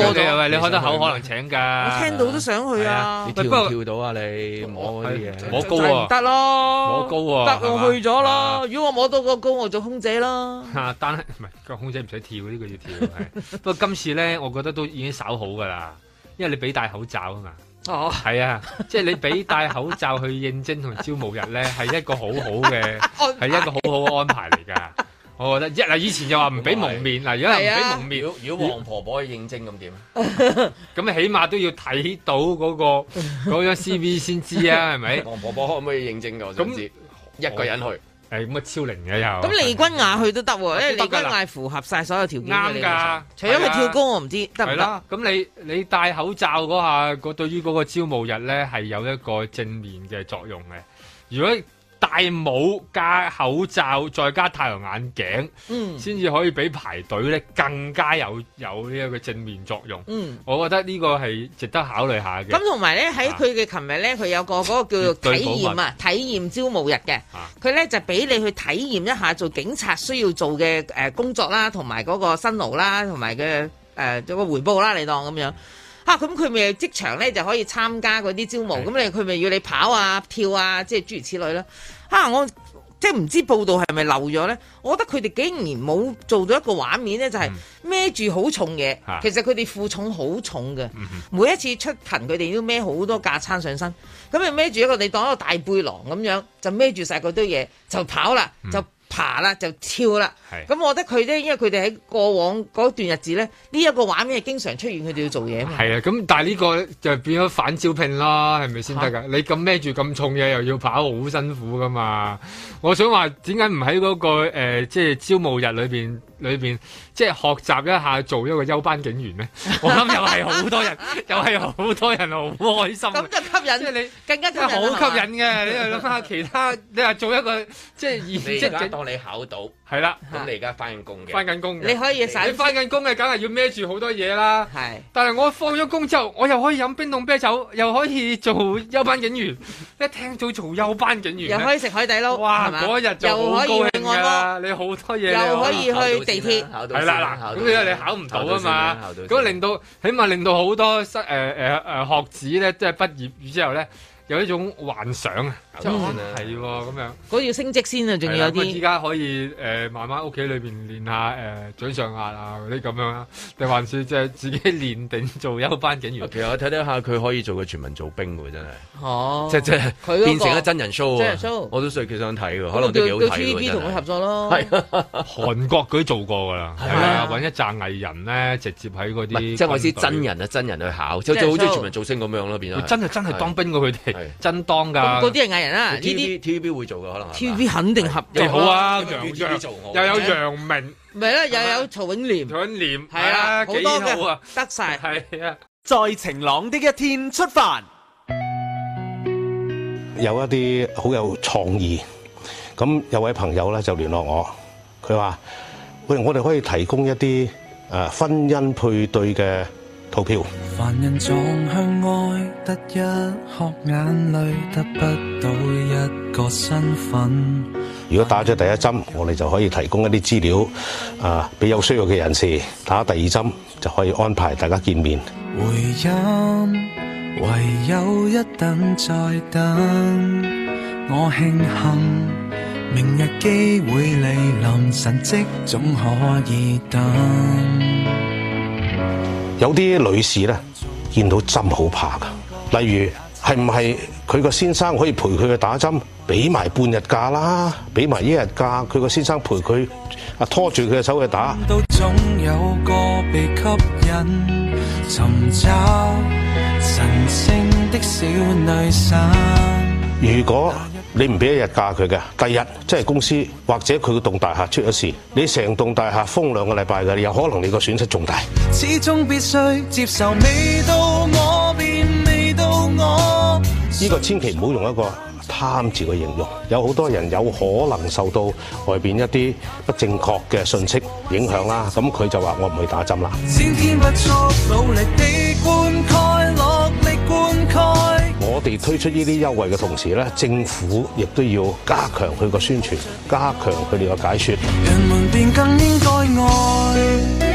開得口，可能請噶。我聽到都想去啊。你跳，唔跳到啊你？你摸啲嘢，摸高啊？唔得咯、啊，摸高啊？得、啊、我去咗啦。如果我摸到個高，我做空姐啦、啊。但係唔係個空姐唔使跳，呢、呢個要跳。 不過今次咧，我覺得都已經稍好噶啦，因為你俾戴口罩啊嘛。哦，係啊，即係你俾戴口罩去應徵同招募日咧，係一個好好嘅，係 排、啊、一個好好嘅安排嚟噶。我覺得，一啊，以前又話唔俾蒙面，嗱，而家唔俾蒙面是、啊如果，如果王婆婆去應徵咁點啊？咁起碼都要睇到嗰個嗰張 CV 先知啊，係咪？王婆婆可唔可以應徵噶？我想知，那我 一個人去。係咁啊，超靈嘅又。咁、嗯、利、嗯、君雅去都得喎、嗯，因為利君雅符合晒所有條件。啱㗎，除咗佢跳高我行行，我唔知得唔得。係啦，咁你你戴口罩嗰下，嗰對於嗰個招募日咧係有一個正面嘅作用嘅。如果戴帽加口罩，再加太陽眼鏡，嗯，先至可以俾排隊咧更加有有呢一個正面作用。嗯，我覺得呢個係值得考慮下嘅。咁同埋咧喺佢嘅琴日咧，佢有，有個嗰個叫做體驗啊， 體驗招募日嘅。佢咧就俾你去體驗一下做警察需要做嘅誒工作啦，同埋嗰個辛勞啦，同埋嘅誒一個回報啦，你當咁樣。吓咁佢咪即場咧就可以參加嗰啲招募，咁你，佢咪要你跑啊跳啊，即係諸如此類囉。哈、啊！我即唔知報道係咪漏咗咧？我覺得佢哋竟然冇做到一個畫面咧，就係孭住好重嘢，其實佢哋負重好重嘅。每一次出勤佢哋都孭好多架撐上身，咁就孭住一個，你當一個大背囊咁樣，就孭住晒嗰堆嘢就跑啦，就。爬啦就跳啦，咁我覺得佢咧，因為佢哋喺過往嗰段日子咧，呢一個畫面係經常出現，佢哋要做嘢嘛。係啊，咁但係呢個就變咗反招聘啦，係咪先得㗎？你咁孭住咁重嘢又要跑，好辛苦噶嘛。 我想話點解唔喺嗰個、呃、即係招募日裏面。裏邊即係學習一下做一個休班警員咧， 我諗又係好多人，又係好多人好開心。咁就吸引即你更加真好吸引嘅。 你又諗下其他， 你話做一個即係而即係當你考到係啦，咁、啊、你而家翻緊工嘅，翻緊工嘅。你可以翻緊工嘅梗係要孭住好多嘢啦。係，但係我放咗工之後，我又可以飲冰凍啤酒，又可以做休班警員。 一聽做做休班警員，又可以食海底撈。哇！嗰日就好高興可以你好多嘢，又可以去。考到係啦嗱，咁因為你考唔到啊嘛，咁令到，起碼令到好多失誒誒誒學子咧，即係畢業之後咧。有一種幻想啊，係咁、嗯、樣，嗰、那個、要升職先啊，仲要有啲。咁依家可以誒、呃、慢慢屋企裏邊練下誒、呃、嘴上壓啊嗰啲咁樣啊。定還是即係自己練定做休班警員？其實我睇睇下佢可以做個全民做兵喎，真係哦，即即係佢變成一真人 show 真人 show，我都想佢想睇喎，可能都幾好睇喎，真係，叫 TVB 同佢合作咯。係 韓國佢都做過噶啦，揾一紮藝人咧，直接喺嗰啲即係我知真人啊，真人去考，即係好即係全民做星咁樣咯，變咗真係真係當兵過佢哋。真當噶，嗰啲係藝人啦，呢啲 TVB 會做噶，可能 TVB 肯定合作，又好啊，楊冇做，又有楊明，咪啦，又有曹永廉，曹永廉係啊，好多嘅，得晒，係啊，在晴朗的一天出發，有一啲好有創意，咁有位朋友咧，就聯絡我，佢話喂，我哋可以提供一啲誒婚姻配對嘅。投票。凡人撞向愛，得一殼眼淚，得不到一個身份。如果打咗第一針，我哋就可以提供一啲資料，啊，俾有需要嘅人士打第二針，就可以安排大家見面。回音，唯有一等再等。我慶幸，明日機會嚟臨，神蹟，總可以等。有啲女士呢，見到針好怕㗎。例如係唔係佢個先生可以陪佢去打針，俾埋半日假啦，俾埋一日假，佢個先生陪佢拖住佢嘅手去打。總有個被吸引，尋找神聖的小女生。如果你唔俾一日假佢嘅，第一即係公司或者佢個棟大廈出咗事，你成棟大廈封兩個禮拜嘅，你有可能你個損失仲大。始終必須接受，未到我，便未到我。呢、這個千祈唔好用一個貪字去形容，有好多人有可能受到外面一啲不正確嘅信息影響啦，咁佢就話我唔去打針啦。我哋推出呢啲優惠嘅同時呢，政府亦都要加強佢個宣傳，加強佢哋個解說。人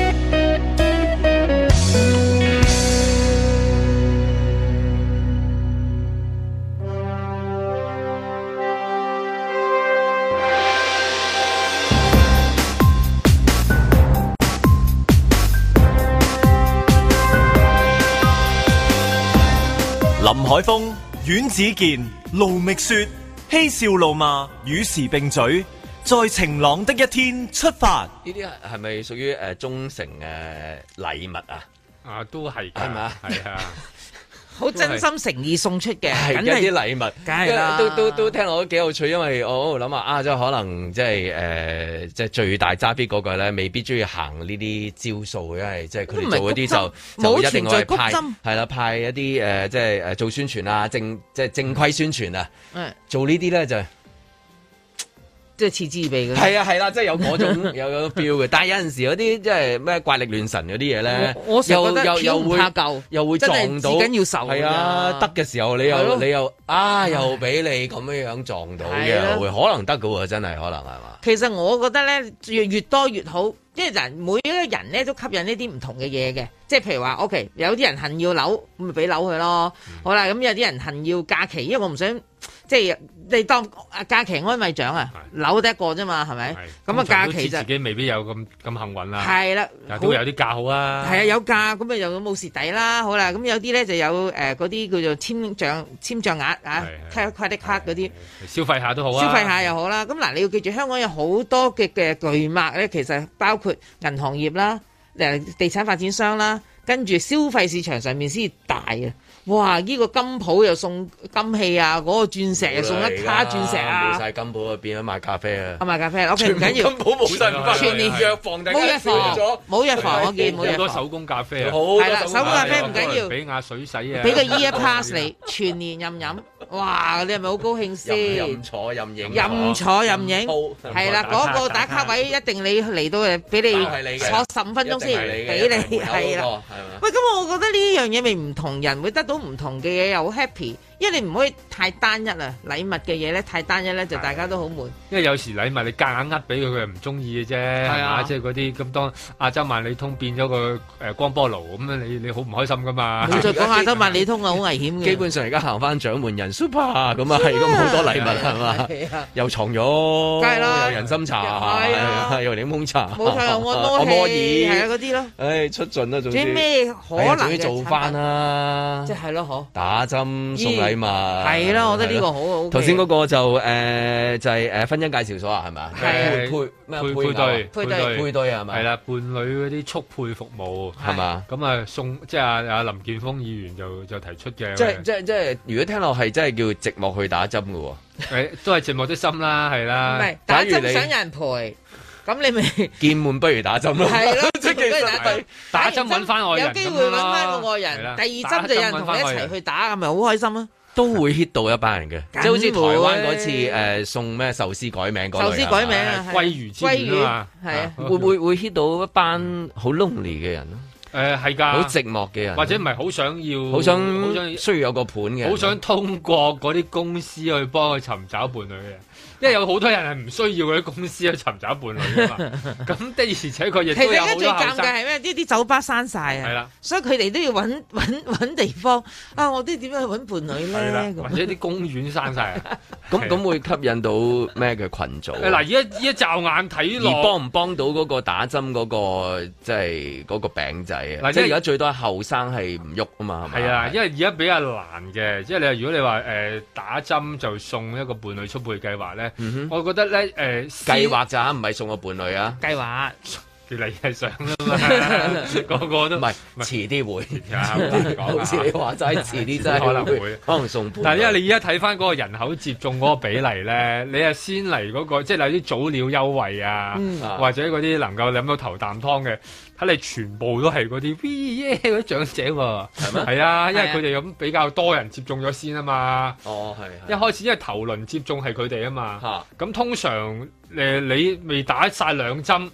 海峰、阮子健、盧覓雪，嬉笑怒罵，與時並舉，在晴朗的一天出發。呢啲係咪屬於誒忠誠嘅禮物啊？啊，都係噶，係嘛，係啊。 好真心誠意送出嘅，一啲禮物，都都都聽落都幾有趣，因為我喺度諗啊，即係可能即係誒，即係最大揸逼嗰個咧，未必中意行呢啲招數，因為即係佢哋做嗰啲就就，就會一定再係派，係啦，派一啲誒，即係誒做宣傳啊，正即係正規宣傳啊，嗯，做呢啲咧就。即係持之以恆嘅，係 啊係啦、啊啊，即係有嗰種有個標嘅， 但係有陣時嗰啲即係咩怪力亂神嗰啲嘢咧，又又又會又會撞到，真係最緊要受。係啊，得嘅時候你又、啊、又你又啊又俾你咁樣樣撞到嘅，啊、又會可能得嘅喎，真係可能係嘛？其實我覺得咧越越多越好，即係人每個人咧都吸引一啲唔同嘅嘢嘅，即係譬如話 OK，有啲人恨要樓，咪俾樓佢咯。好啦，咁有啲人恨要假期，因為我唔想即係。你當啊假期安慰獎啊，扭得過個啫嘛，係咪？咁啊假期自己未必有咁咁幸運啦、啊。係啦，都會有啲價好啊。係啊，有價咁啊，又冇蝕底啦。好啦，咁有啲咧就有誒嗰啲叫做簽帳簽帳額啊卡卡嗰啲。消費下都好啊。消費下又好啦、啊。咁嗱，你要記住，香港有好多嘅嘅巨擘咧，其實包括銀行業啦、地產發展商啦，跟住消費市場上面先大啊。哇！呢個金舖又送金器啊，嗰個鑽石又送一卡鑽石啊！冇晒金舖變咗賣咖啡啊！啊賣咖啡，OK，唔緊要。金舖冇得全年藥房定，冇藥房，冇藥房。我見好多手工咖啡啊，係啦，手工咖啡唔緊要。俾壓水洗啊，俾個 ear pass 你全年任飲。哇！你係咪好高興先？任坐任影，任坐任影，係啦，嗰個打卡位一定你嚟到嘅，俾你坐十五分鐘先，俾你係啦。喂，咁我覺得呢樣嘢咪唔同人會得到。唔同嘅嘢又好 happy。因為你唔可以太單一啦，禮物嘅嘢咧太單一咧，就大家都好悶、啊。因為有時禮物你夾硬呃俾佢，佢又唔中意嘅啫，係即係嗰啲咁當亞洲萬里通變咗個誒光波爐咁樣，你你好唔開心噶嘛？唔好再講亞洲萬里通啊，好危險嘅。基本上而家行翻獎門人 super 咁啊，係咁好多禮物係嘛、啊啊啊，又藏咗，又人參茶，啊、又檸檬茶，冇錯、啊，按摩椅，係啊嗰啲、啊、咯。唉、哎，出盡啦，總之，睇佢、哎、做翻啦、啊，即係咯好打針係嘛？係啦、啊啊，我覺得呢個好。好、啊。頭先嗰個就誒、欸、就係、是、誒婚姻介紹所是是啊，係咪啊？係配配，配，對配對？配對，對，對，對，對配對係咪？係啦，伴侶嗰啲速配服務係嘛？咁啊送，即係阿阿林健鋒議員就是、就提出嘅。即係即係即係，如果聽落係，真係叫寂寞去打針嘅，誒都係寂寞的心啦，係啦。唔係打針想有人陪，咁你咪見悶，不如打針咯，係咯。跟住打針搵翻外人，有機會搵翻個外人。第二針就有人同你一齊去打，咁咪好開心囉！都會 hit 到一班人嘅，即係好似台灣嗰次誒、呃、送咩壽司改名那，壽司改名，鮭魚之類啊，係啊，會會會 hit 到一班好 lonely 嘅人咯，誒係㗎，好寂寞嘅人，或者唔係好想要，好想需要有個伴嘅，好想通過嗰啲公司去幫佢尋找伴侶嘅。 因為有好多人係唔需要嗰啲公司去尋找伴侶啊嘛，咁的而且確其實而家最尷尬係咩？呢啲酒吧閂曬啊，所以佢哋都要揾地方啊！我啲點樣去揾伴侶咧？或者啲公園閂曬，咁 咁會吸引到咩嘅群組？嗱，而家一驟眼睇落而幫唔幫到嗰個打針嗰、嗰個即係嗰個餅仔啊？即係而家最多係後生係唔喐啊嘛，係啊，因為而家比較難嘅，即係你如果你話誒、呃、打針就送一個伴侶出配計劃咧。嗯、我覺得咧，誒、呃，計劃咋唔係送個伴侶啊？計劃，你係想啦嘛， 個個都唔係，遲啲會，唔講噶。好似話齋遲啲，真係可能會。 可能送伴侶。但係因為你而家睇翻嗰個人口接種嗰個比例咧， 你係先嚟嗰、那個，即係例如啲早鳥優惠啊， 或者嗰啲能夠飲到頭啖湯嘅。睇你全部都係嗰啲 V a 嗰啲長者喎，係咪？係 啊，因為佢哋咁比較多人接種咗先啊嘛。哦，係。一開始因為頭輪接種係佢哋啊嘛。咁通常你，你未打晒兩針。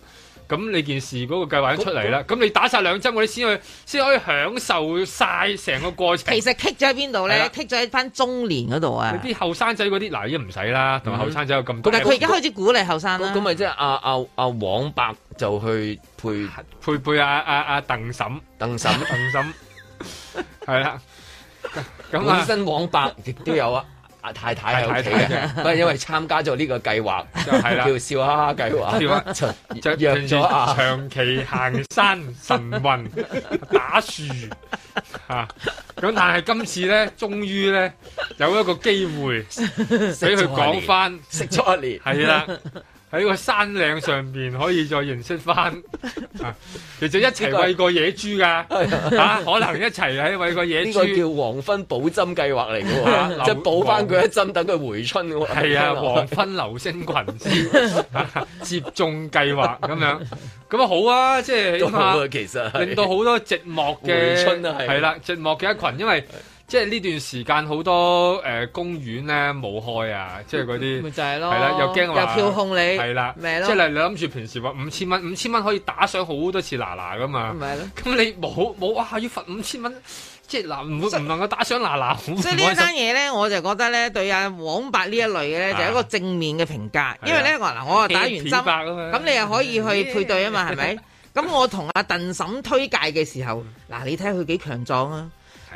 咁你件事嗰個計劃出嚟啦，咁你打晒兩針，我哋先去先可以享受晒成個過程。其實棘咗喺邊度咧？棘咗喺翻中年嗰度啊！啲後生仔嗰啲嗱，一唔使啦，同埋後生仔有咁多。但係佢而家開始鼓勵後生啦。咁咪即係阿阿阿黃伯就去配配配啊啊阿鄧嬸，鄧嬸，鄧嬸，係啊，咁啊，本、啊、 身黃伯亦都有啊。 太太，太太太太，都因為參加咗呢個計劃，就係啦叫笑哈哈計劃，約咗阿長期行山、晨運、 打樹嚇。咁、啊、但係今次咧，終於咧有一個機會俾佢講翻食咗一年，係啦。 喺個山嶺上邊可以再認識翻，其實一齊餵過野豬噶吓，可能一齊喺餵過野豬，這個、叫黃昏補針計劃嚟嘅喎，即係補翻佢一針，等佢回春。係啊，黃昏流星群、 啊、接種計劃咁樣，咁啊好啊，即係起碼其實令到好多寂寞嘅係啦，寂寞嘅一群，因為。即係呢段時間好多誒、呃、公園咧冇開啊！即係嗰啲，咪就係咯，係啦，又驚話又票控你，係啦，即、就、係、是、你諗住平時話五千蚊，五千蚊可以打賞好多次啦啦噶嘛，咪咯那。咁你冇冇哇？要罰五千蚊，即係嗱，唔唔能夠打賞啦啦。所以，喇喇喇很所以呢單嘢咧，我就覺得咧，對阿黃伯呢一類嘅咧，就係、是、一個正面嘅評價，啊、因為咧嗱，我話打完針，咁你又可以去配對啊嘛，係、哎、咪？咁 我同阿鄧嬸推介嘅時候，嗱、嗯，你睇佢幾強壯啊！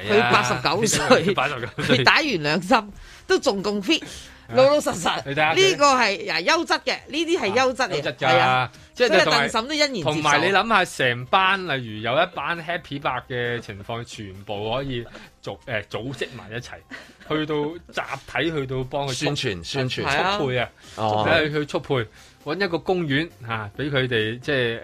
佢八十九歲，佢打完兩針都仲咁 fit，啊、老老實實。呢、啊，這個係啊優質嘅，呢啲係優質嚟㗎。即係鄧嬸都欣然，同埋、啊就是、你諗下，成班例如有一班 Happy 伯嘅情況，全部可以組誒組，組織埋一齊，去到集體去到幫佢 宣傳、宣傳、速配啊，去去速配。哦，速配速配速配。揾一個公園吓，俾佢哋即係誒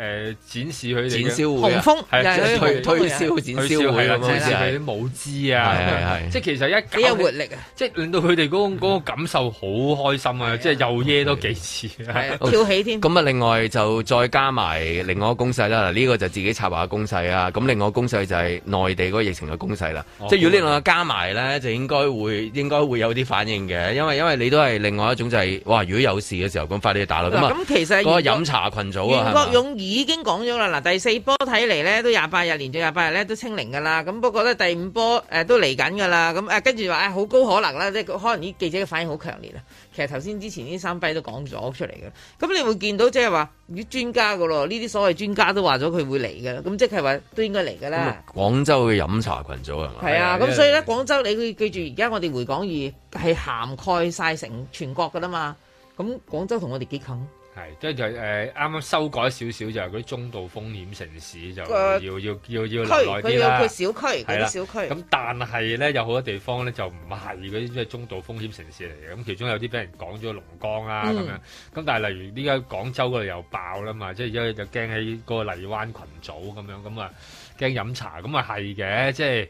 展示佢哋展銷會啊，係推推銷展銷會，係啦，係啦，啲舞姿啊，即係其實一幾有活力啊，即係令到佢哋嗰個感受好開心啊，即係又耶多幾次，係、哦、跳起添。咁、哦、啊、嗯，另外就再加埋另外一個攻勢啦。呢個就自己策劃嘅攻勢啊。咁另外攻勢就係內地嗰個疫情嘅攻勢啦。即係如果呢兩個加埋咧，就應該會應該會有啲反應嘅。因為因為你都係另外一種就係哇，如果有事嘅時候咁快啲打啦。咁啊。咁其實嗰個飲茶群組啊，袁國勇已經講咗啦。嗱，第四波睇嚟咧都廿八日，連住廿八日咧都清零噶啦。咁不過咧第五波誒、呃、都嚟緊噶啦。咁、啊、誒跟住話誒好高可能啦，即係可能啲記者嘅反應好強烈啊。其實頭先之前呢三批都講咗出嚟嘅。咁你會見到即係話啲專家噶咯，呢啲所謂專家都話咗佢會嚟嘅。咁即係話都應該嚟噶啦。廣州嘅飲茶群組係咪？係啊。咁所以咧，廣州你記住，而家我哋回港易係涵蓋晒成全國噶啦嘛。咁廣州同我哋幾近？係，即係誒啱啱修改少少就係嗰啲中度風險城市就要要要要留耐啲啦。佢小區，佢小區咁，但係咧有好多地方咧就唔係嗰啲即係中度風險城市嚟嘅，咁其中有啲俾人講咗龍江啊咁、嗯、樣。咁但係例如呢家廣州嗰度又爆啦嘛，即係而家就驚、是、喺個荔灣群組咁樣，咁啊驚飲茶，咁啊係嘅，即係。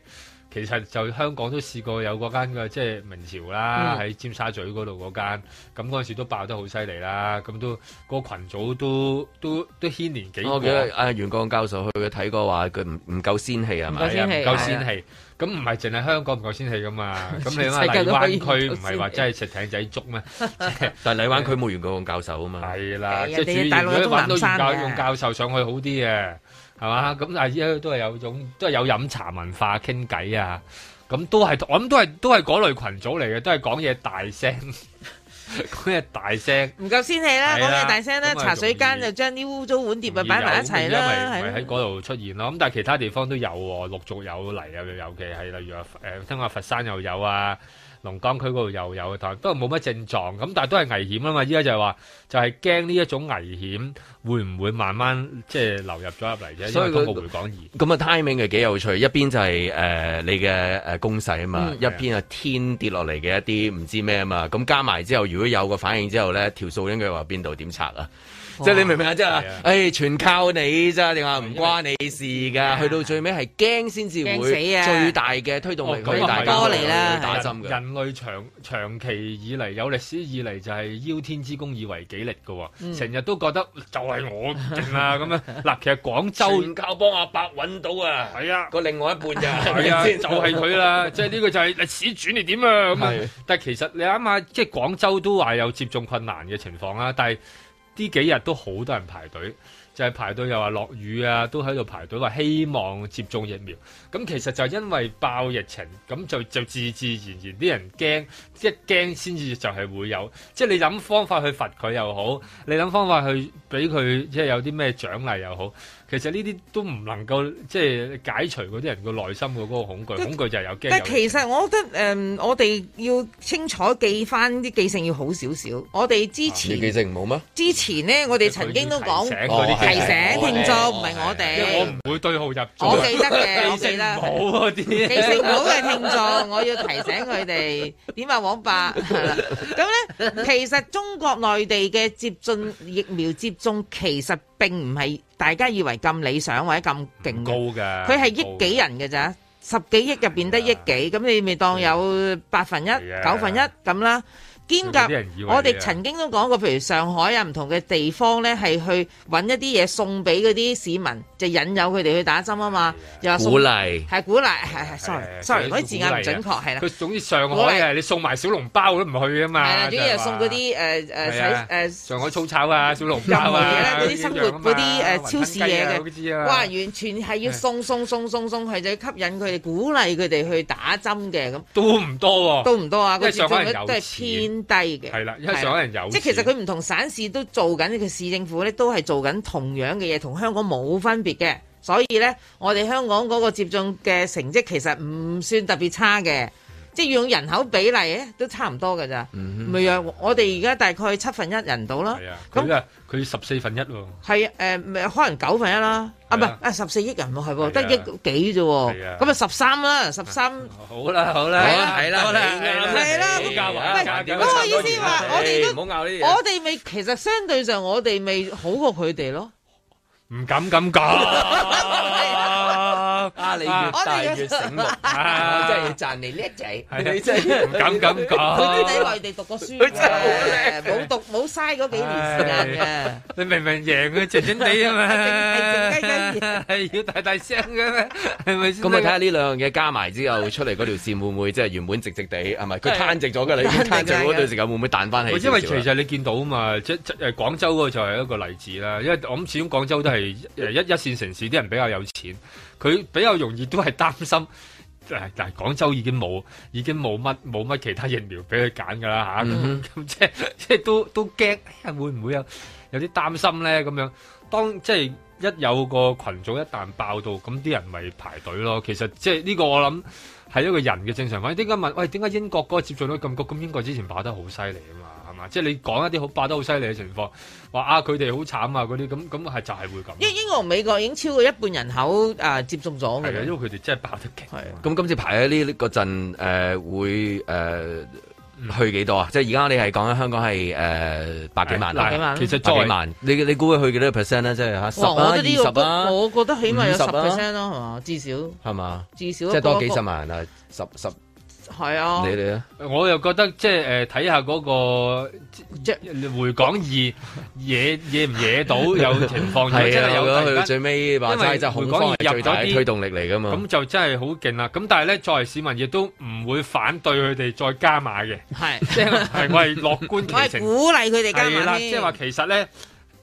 其實就香港都試過有嗰間嘅，即係明朝啦，喺尖沙咀嗰度嗰間，咁嗰陣時都爆得好犀利啦，咁都、個群組都都都，都牽連幾個。我記得阿袁國勇教授去睇過話，佢唔唔夠仙氣係咪？唔夠仙氣，唔夠仙氣。咁唔係淨係香港唔夠仙氣㗎、啊、嘛？咁 你諗下荔灣區唔係話真係食艇仔粥咩？ 就是、 但你荔灣區冇袁國勇教授啊嘛？係 啦、啊，啊、即係如果揾到袁國勇教授上去好啲嘅。係嘛？咁但係依家都係有種都係有飲茶文化傾偈啊！咁都係，我諗都係，都係嗰類群組嚟嘅，都係講嘢大聲，講 嘢 大聲，唔夠先氣啦！講 嘢大聲啦，嗯、茶水間就將啲污糟碗碟啊擺埋一齊啦，係喺嗰度出現囉。咁但係其他地方都有、啊，陸續有嚟啊！尤其係例如誒，聽、呃、話佛山又有啊。龍江區嗰度又有，但都冇乜症狀，咁但都係危險啦嘛。依家就係話，就係驚呢一種危險會唔會慢慢即係流入咗入嚟啫。因為所以、個回港易咁啊，timing 係幾有趣。一邊就係、是、誒、呃、你嘅公攻勢啊嘛、嗯，一邊係天跌落嚟嘅一啲唔知咩啊嘛。咁加埋之後，如果有個反應之後咧，條數應該話邊度點拆啊？即係你明唔明啊？即係，誒，全靠你咋？定話唔關你事㗎？去到最尾係驚先至會死啊，最大嘅推動力大波嚟啦！打針嘅人類，長長期以嚟有歷史以嚟就係邀天之功以為己力嘅喎，成日都覺得就係我勁啊咁樣。嗱，其實廣州唔靠幫阿伯揾到啊，係啊，個另外一半咋係咪先？就係佢啦，即係呢個就係歷史轉你點啊咁啊！但係其實你諗下，即係廣州都話有接種困難嘅情況啦，但係。呢幾日都好多人排隊，就係排隊又話落雨啊，都喺度排隊話希望接種疫苗。咁其實就因為爆疫情，咁就就自自然然啲人驚。一驚先至就係會有，即係你諗方法去罰佢又好，你諗方法去俾佢即係有啲咩獎勵又好，其實呢啲都唔能夠即係解除嗰啲人個內心個嗰個恐懼，恐懼就係有驚。但其實我覺得、嗯、我哋要清楚記翻啲記性要好少少。我哋之前啲、啊、記性唔好咩？之前呢，我哋曾經都講提醒，哦提醒哦、聽眾，唔係我哋。我唔會對號入座。 我記得嘅，我記得。好嗰啲記性好嘅、啊、 聽眾，我要提醒佢哋點啊！我講咁咧，其實中國內地嘅接近疫苗接種，其實並唔係大家以為咁理想或者咁勁高噶，佢係億幾人嘅咋？十幾億入邊得億幾，咁你咪當有八分一、九分一咁啦。兼夾，我哋曾經都講過，譬如上海啊，唔同嘅地方咧，係去揾一啲嘢送俾嗰啲市民，就引誘佢哋去打針啊嘛，又話鼓勵，係鼓勵，係係、啊啊、，sorry，sorry，、啊啊、嗰啲、啊啊、字眼唔準確，係啦、啊。佢、啊啊、總之上海嘅、啊，你送埋小籠包，都唔去啊嘛。係、啊，總之又送嗰啲誒誒使上海粗、啊就是啊啊啊 uh, 啊、炒啊，小籠包啊。嗰啲、啊、生活嗰啲誒超市嘢、啊、嘅、啊。哇！完全係要送送送送送，係就吸引佢哋、啊，鼓勵佢哋去打針嘅咁。都唔多喎。都唔多啊！即係上海有偏。都低嘅係啦，因為所有人有即係其實佢唔同省市都做緊呢個市政府咧，都係做緊同樣嘅嘢，同香港冇分別嘅，所以咧，我哋香港嗰個接種嘅成績其實唔算特別差嘅。即係用人口比例咧，都差唔多嘅咋？咪啊，我哋而家大概七分一人到啦。係啊，咁啊，佢十四分一喎。係誒，咪可能九分一啦。啊，唔係啊，十四億人喎，係喎，得億幾啫喎。係啊，咁啊十三啦，十三。好啦好啦。好啦，係啦，係啦。咁個意思話，我哋都好呢。我哋未，其實相對上我哋未好過佢哋咯。唔敢咁講，啊！你越大越醒目，真係要讚你叻仔，你真係唔敢咁講。佢啲喺外地讀過書，冇讀冇嘥嗰幾年時間嘅。你明明贏佢靜靜地啊嘛，靜雞雞啊，要大大聲嘅咩？係咪先？咁咪睇下呢兩樣嘢加埋之後出嚟嗰條線會唔會即係原本直直地係咪？佢攤直咗㗎啦，已經攤直咗，嗰段時間會唔會彈翻起？因為其實你見到啊嘛，即即誒廣州嗰就係一個例子啦。因為我諗始終廣州都係。誒，一一線城市啲人比較有錢，佢比較容易都係擔心，誒，但係廣州已經冇，已經冇乜冇乜其他疫苗俾佢揀噶啦吓，咁、嗯啊、即係即係都都驚，會唔會有有啲擔心咧？咁樣，當即係一有個群組一旦爆到，咁啲人咪排隊咯。其實即係呢、這個我諗係一個人嘅正常反應。點解問？喂，點解英國嗰個接種率咁高？咁英國之前爆得好犀利啊嘛。即係你講一啲好爆得好犀利嘅情況，話啊佢哋好慘啊嗰啲，咁咁係就係會咁。英英國同美國已經超過一半人口誒、呃、接種咗嘅，因為佢哋真係爆得勁。咁今次排喺呢個陣誒、呃、會誒、呃、去幾多啊、嗯？即係而家你係講香港係誒、呃、百幾萬，萬,幾萬，其實再百幾萬。你你估計去幾多 percent 即係吓十、啊我,覺啊、我覺得起碼有十 percent 咯，係、啊、嘛、啊？至少係嘛？至少即係多幾十萬啊，十十。十係啊，你哋啊，我又覺得即係誒，睇下嗰個即係回港二惹惹唔惹到有情況，係啊，如果佢最尾話齋真係好，入咗啲推動力嚟噶嘛，咁就真係好勁啦。咁但係咧，作為市民亦都唔會反對佢哋再加碼嘅，係即係我係樂觀其成，我係鼓勵佢哋加碼啦，即係話其實咧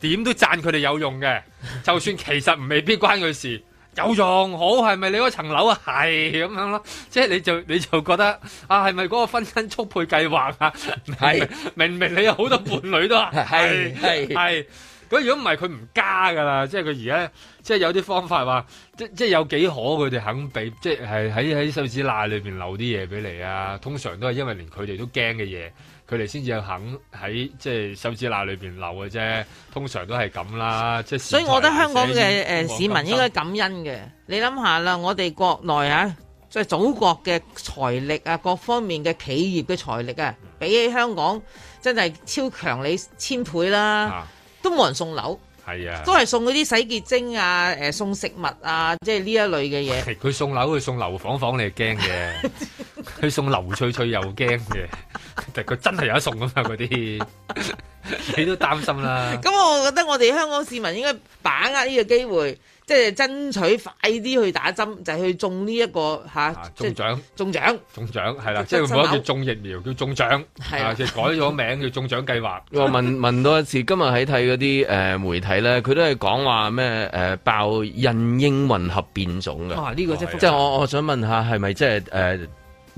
點都讚佢哋有用嘅，就算其實未必關佢事。有用，好係咪你嗰層樓啊？係咁樣咯，即係你就你就覺得啊，係咪嗰個婚姻速配計劃啊？係 明明？你有好多伴侶都係係係，咁如果唔係佢唔加噶啦，即係佢而家即係有啲方法話，即即有幾可佢哋肯俾，即係喺喺手指罅裏邊漏啲嘢俾你啊。通常都係因為連佢哋都驚嘅嘢，佢哋先至肯喺即係手指罅裏邊漏嘅啫，通常都係咁啦。即係，所以我覺得香港嘅誒、呃、市民應該感恩嘅。你諗下啦，我哋國內啊，即係祖國嘅財力啊，各方面嘅企業嘅財力啊，比起香港真係超強你千倍啦，都冇人送樓。係啊，都係送嗰啲洗潔精啊，誒，送食物啊，即係呢一類嘅嘢。佢 送樓，佢送樓房房你係驚嘅，佢 送樓翠翠又驚嘅，但 佢 真係有得送啊嘛，嗰啲 你都擔心啦。咁 嗯、我覺得我哋香港市民應該把握呢個機會。即係爭取快啲去打針，就係、去、這個啊、中呢一個中獎中獎中獎係啦，即係唔好叫中疫苗，叫中獎係啊，即、就、係、係、改咗名叫中獎計劃。 我問問到一次，今日喺睇嗰啲媒體咧，佢都係講話咩爆印英混合變種嘅，呢、啊這個即係即係我我想問下係咪即係誒？呃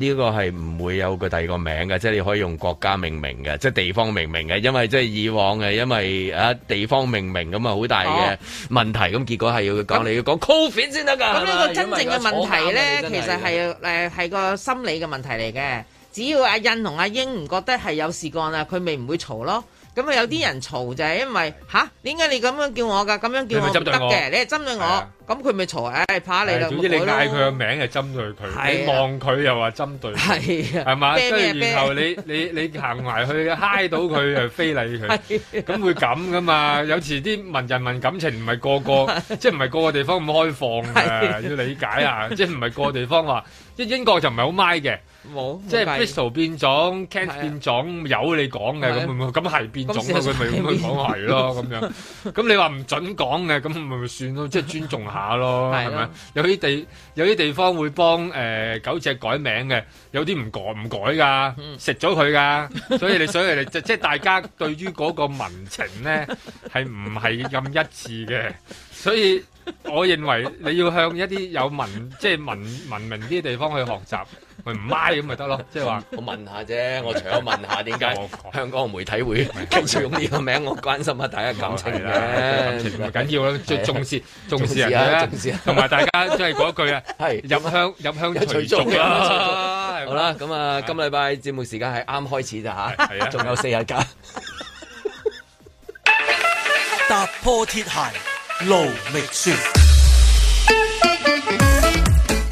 呢、這個係唔會有佢第二個名嘅，即係你可以用國家命名嘅，即係地方命名嘅，因為即係以往嘅，因為啊地方命名咁啊好大嘅問題，咁、哦、結果係要講、嗯、你要講 COVID 先得㗎。咁、嗯、呢個真正嘅問題咧，其實係誒係個心理嘅問題嚟嘅、嗯。只要阿印同阿英唔覺得係有事幹啦，佢咪唔會嘈咯。咁啊有啲人嘈就係因為吓，點、嗯、解你咁樣叫我㗎？咁樣叫得嘅，你係針對我。咁佢咪嘈？唉，怕你啦。總之你嗌佢個名係針對佢，你望佢又話針對，係啊，係嘛？即係然後你你你行埋去揩到佢，又非禮佢，咁會咁噶嘛？有時啲文人文感情唔係個個，即係唔係個個地方咁開放嘅要理解啊！即係唔係個個地方話，即係英國就唔係好 mind 嘅，即係 Bristol 變種，Kent 變種有你講嘅咁，咁係變種啊！佢咪咁樣講係咯，咁樣。咁你話唔準講嘅，咁咪咪算咯，即係尊重啊！下咯，係咪、啊、有啲地有啲地方會幫誒狗隻改名嘅，有啲唔改唔改㗎，食咗佢㗎，所以你所以你即係、就是、大家對於嗰個民情呢係唔係咁一致嘅，所以我認為你要向一啲有文即係文文明啲、就是、地方去學習。佢唔嗌咁咪得咯，即係話我問下啫，我除咗問下點解香港媒體會繼續用呢個名，我關心一下大家感情嘅，感情唔緊要啦，最重視重視人嘅，同埋大家即係嗰句啊，係入鄉入鄉隨俗啦，好啦，咁啊，今禮拜節目時間係啱開始咋吓，係啊，仲有四日假，踏破鐵鞋無覓處。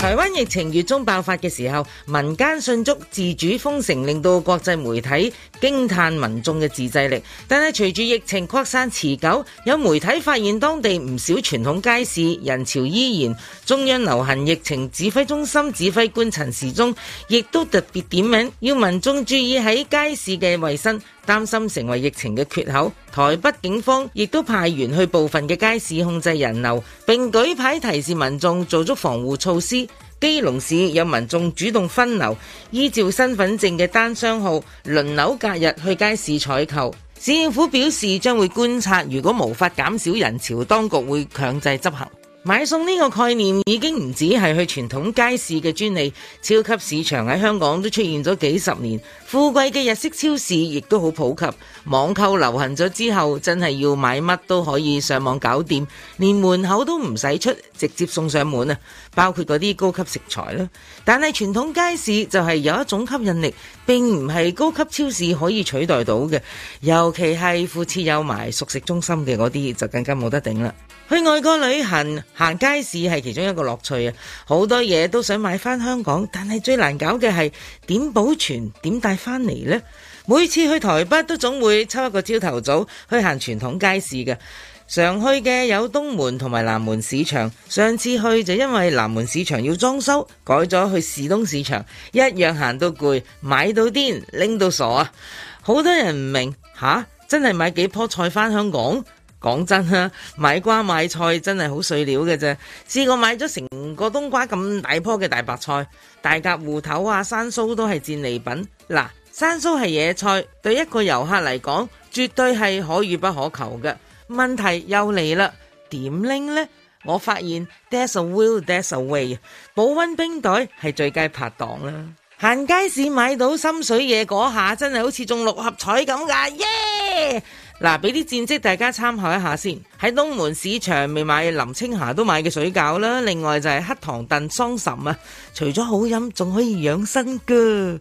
台灣疫情月中爆發嘅時候，民間迅速自主封城，令到國際媒體驚嘆民眾嘅自制力。但係隨住疫情擴散持久，有媒體發現當地唔少傳統街市人潮依然。中央流行疫情指揮中心指揮官陳時中亦都特別點名，要民眾注意喺街市嘅衛生，擔心成為疫情嘅缺口。台北警方亦都派員去部分嘅街市控制人流，並舉牌提示民眾做足防護措施。基隆市有民眾主動分流，依照身份證嘅單雙號輪流隔日去街市採購。市政府表示將會觀察，如果無法減少人潮，當局會強制執行。買餸呢個概念已經唔止係去傳統街市嘅專利，超級市場喺香港都出現咗幾十年，富貴嘅日式超市亦都好普及。網購流行咗之後，真係要買乜都可以上網搞掂，連門口都唔使出。直接送上門啊！包括嗰啲高級食材啦，但係傳統街市就係有一種吸引力，並唔係高級超市可以取代到嘅。尤其係附設有埋熟食中心嘅嗰啲，就更加冇得頂啦。去外國旅行行街市係其中一個樂趣啊！好多嘢都想買翻香港，但係最難搞嘅係點保存、點帶翻嚟咧？每次去台北都總會抽一個朝頭早去行傳統街市嘅。常去嘅有東門同埋南門市場，上次去就因為南門市場要裝修，改咗去市東市場，一樣行到攰，買到癲，拎到傻啊！好多人唔明吓，啊，真係買幾棵菜返香港？講真啊，買瓜買菜真係好碎料嘅啫。試過買咗成個冬瓜咁大棵嘅大白菜、大甲芋頭啊、山蘇都係戰利品。嗱，山蘇係野菜，對一個遊客嚟講，絕對係可遇不可求嘅。.問題又嚟啦，點拎呢？我發現 There's a will, there's a way，保溫冰袋係最佳拍檔啦。行街市買到心水嘢嗰下，真係好似中六合彩咁噶，耶！嗱，俾啲戰績大家參考一下先。喺東門市場未買林青霞都買嘅水餃啦，另外就係黑糖燉桑葚啊，除咗好飲，仲可以養生噶。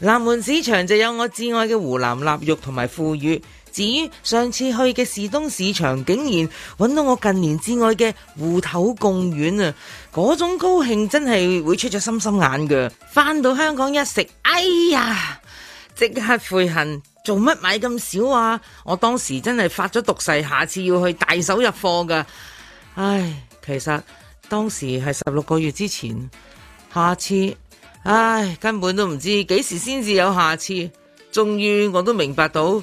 南門市場就有我至愛嘅湖南臘肉同埋腐乳。至於上次去嘅士東市場，竟然揾到我近年至愛嘅芋頭貢丸啊！嗰種高興真係會出咗心心眼噶。返到香港一食，哎呀，即刻悔恨，做乜買咁少啊！我當時真係發咗毒誓，下次要去大手入貨噶。唉，其實當時係十六個月之前，下次唉，根本都唔知幾時先至有下次。終於我都明白到。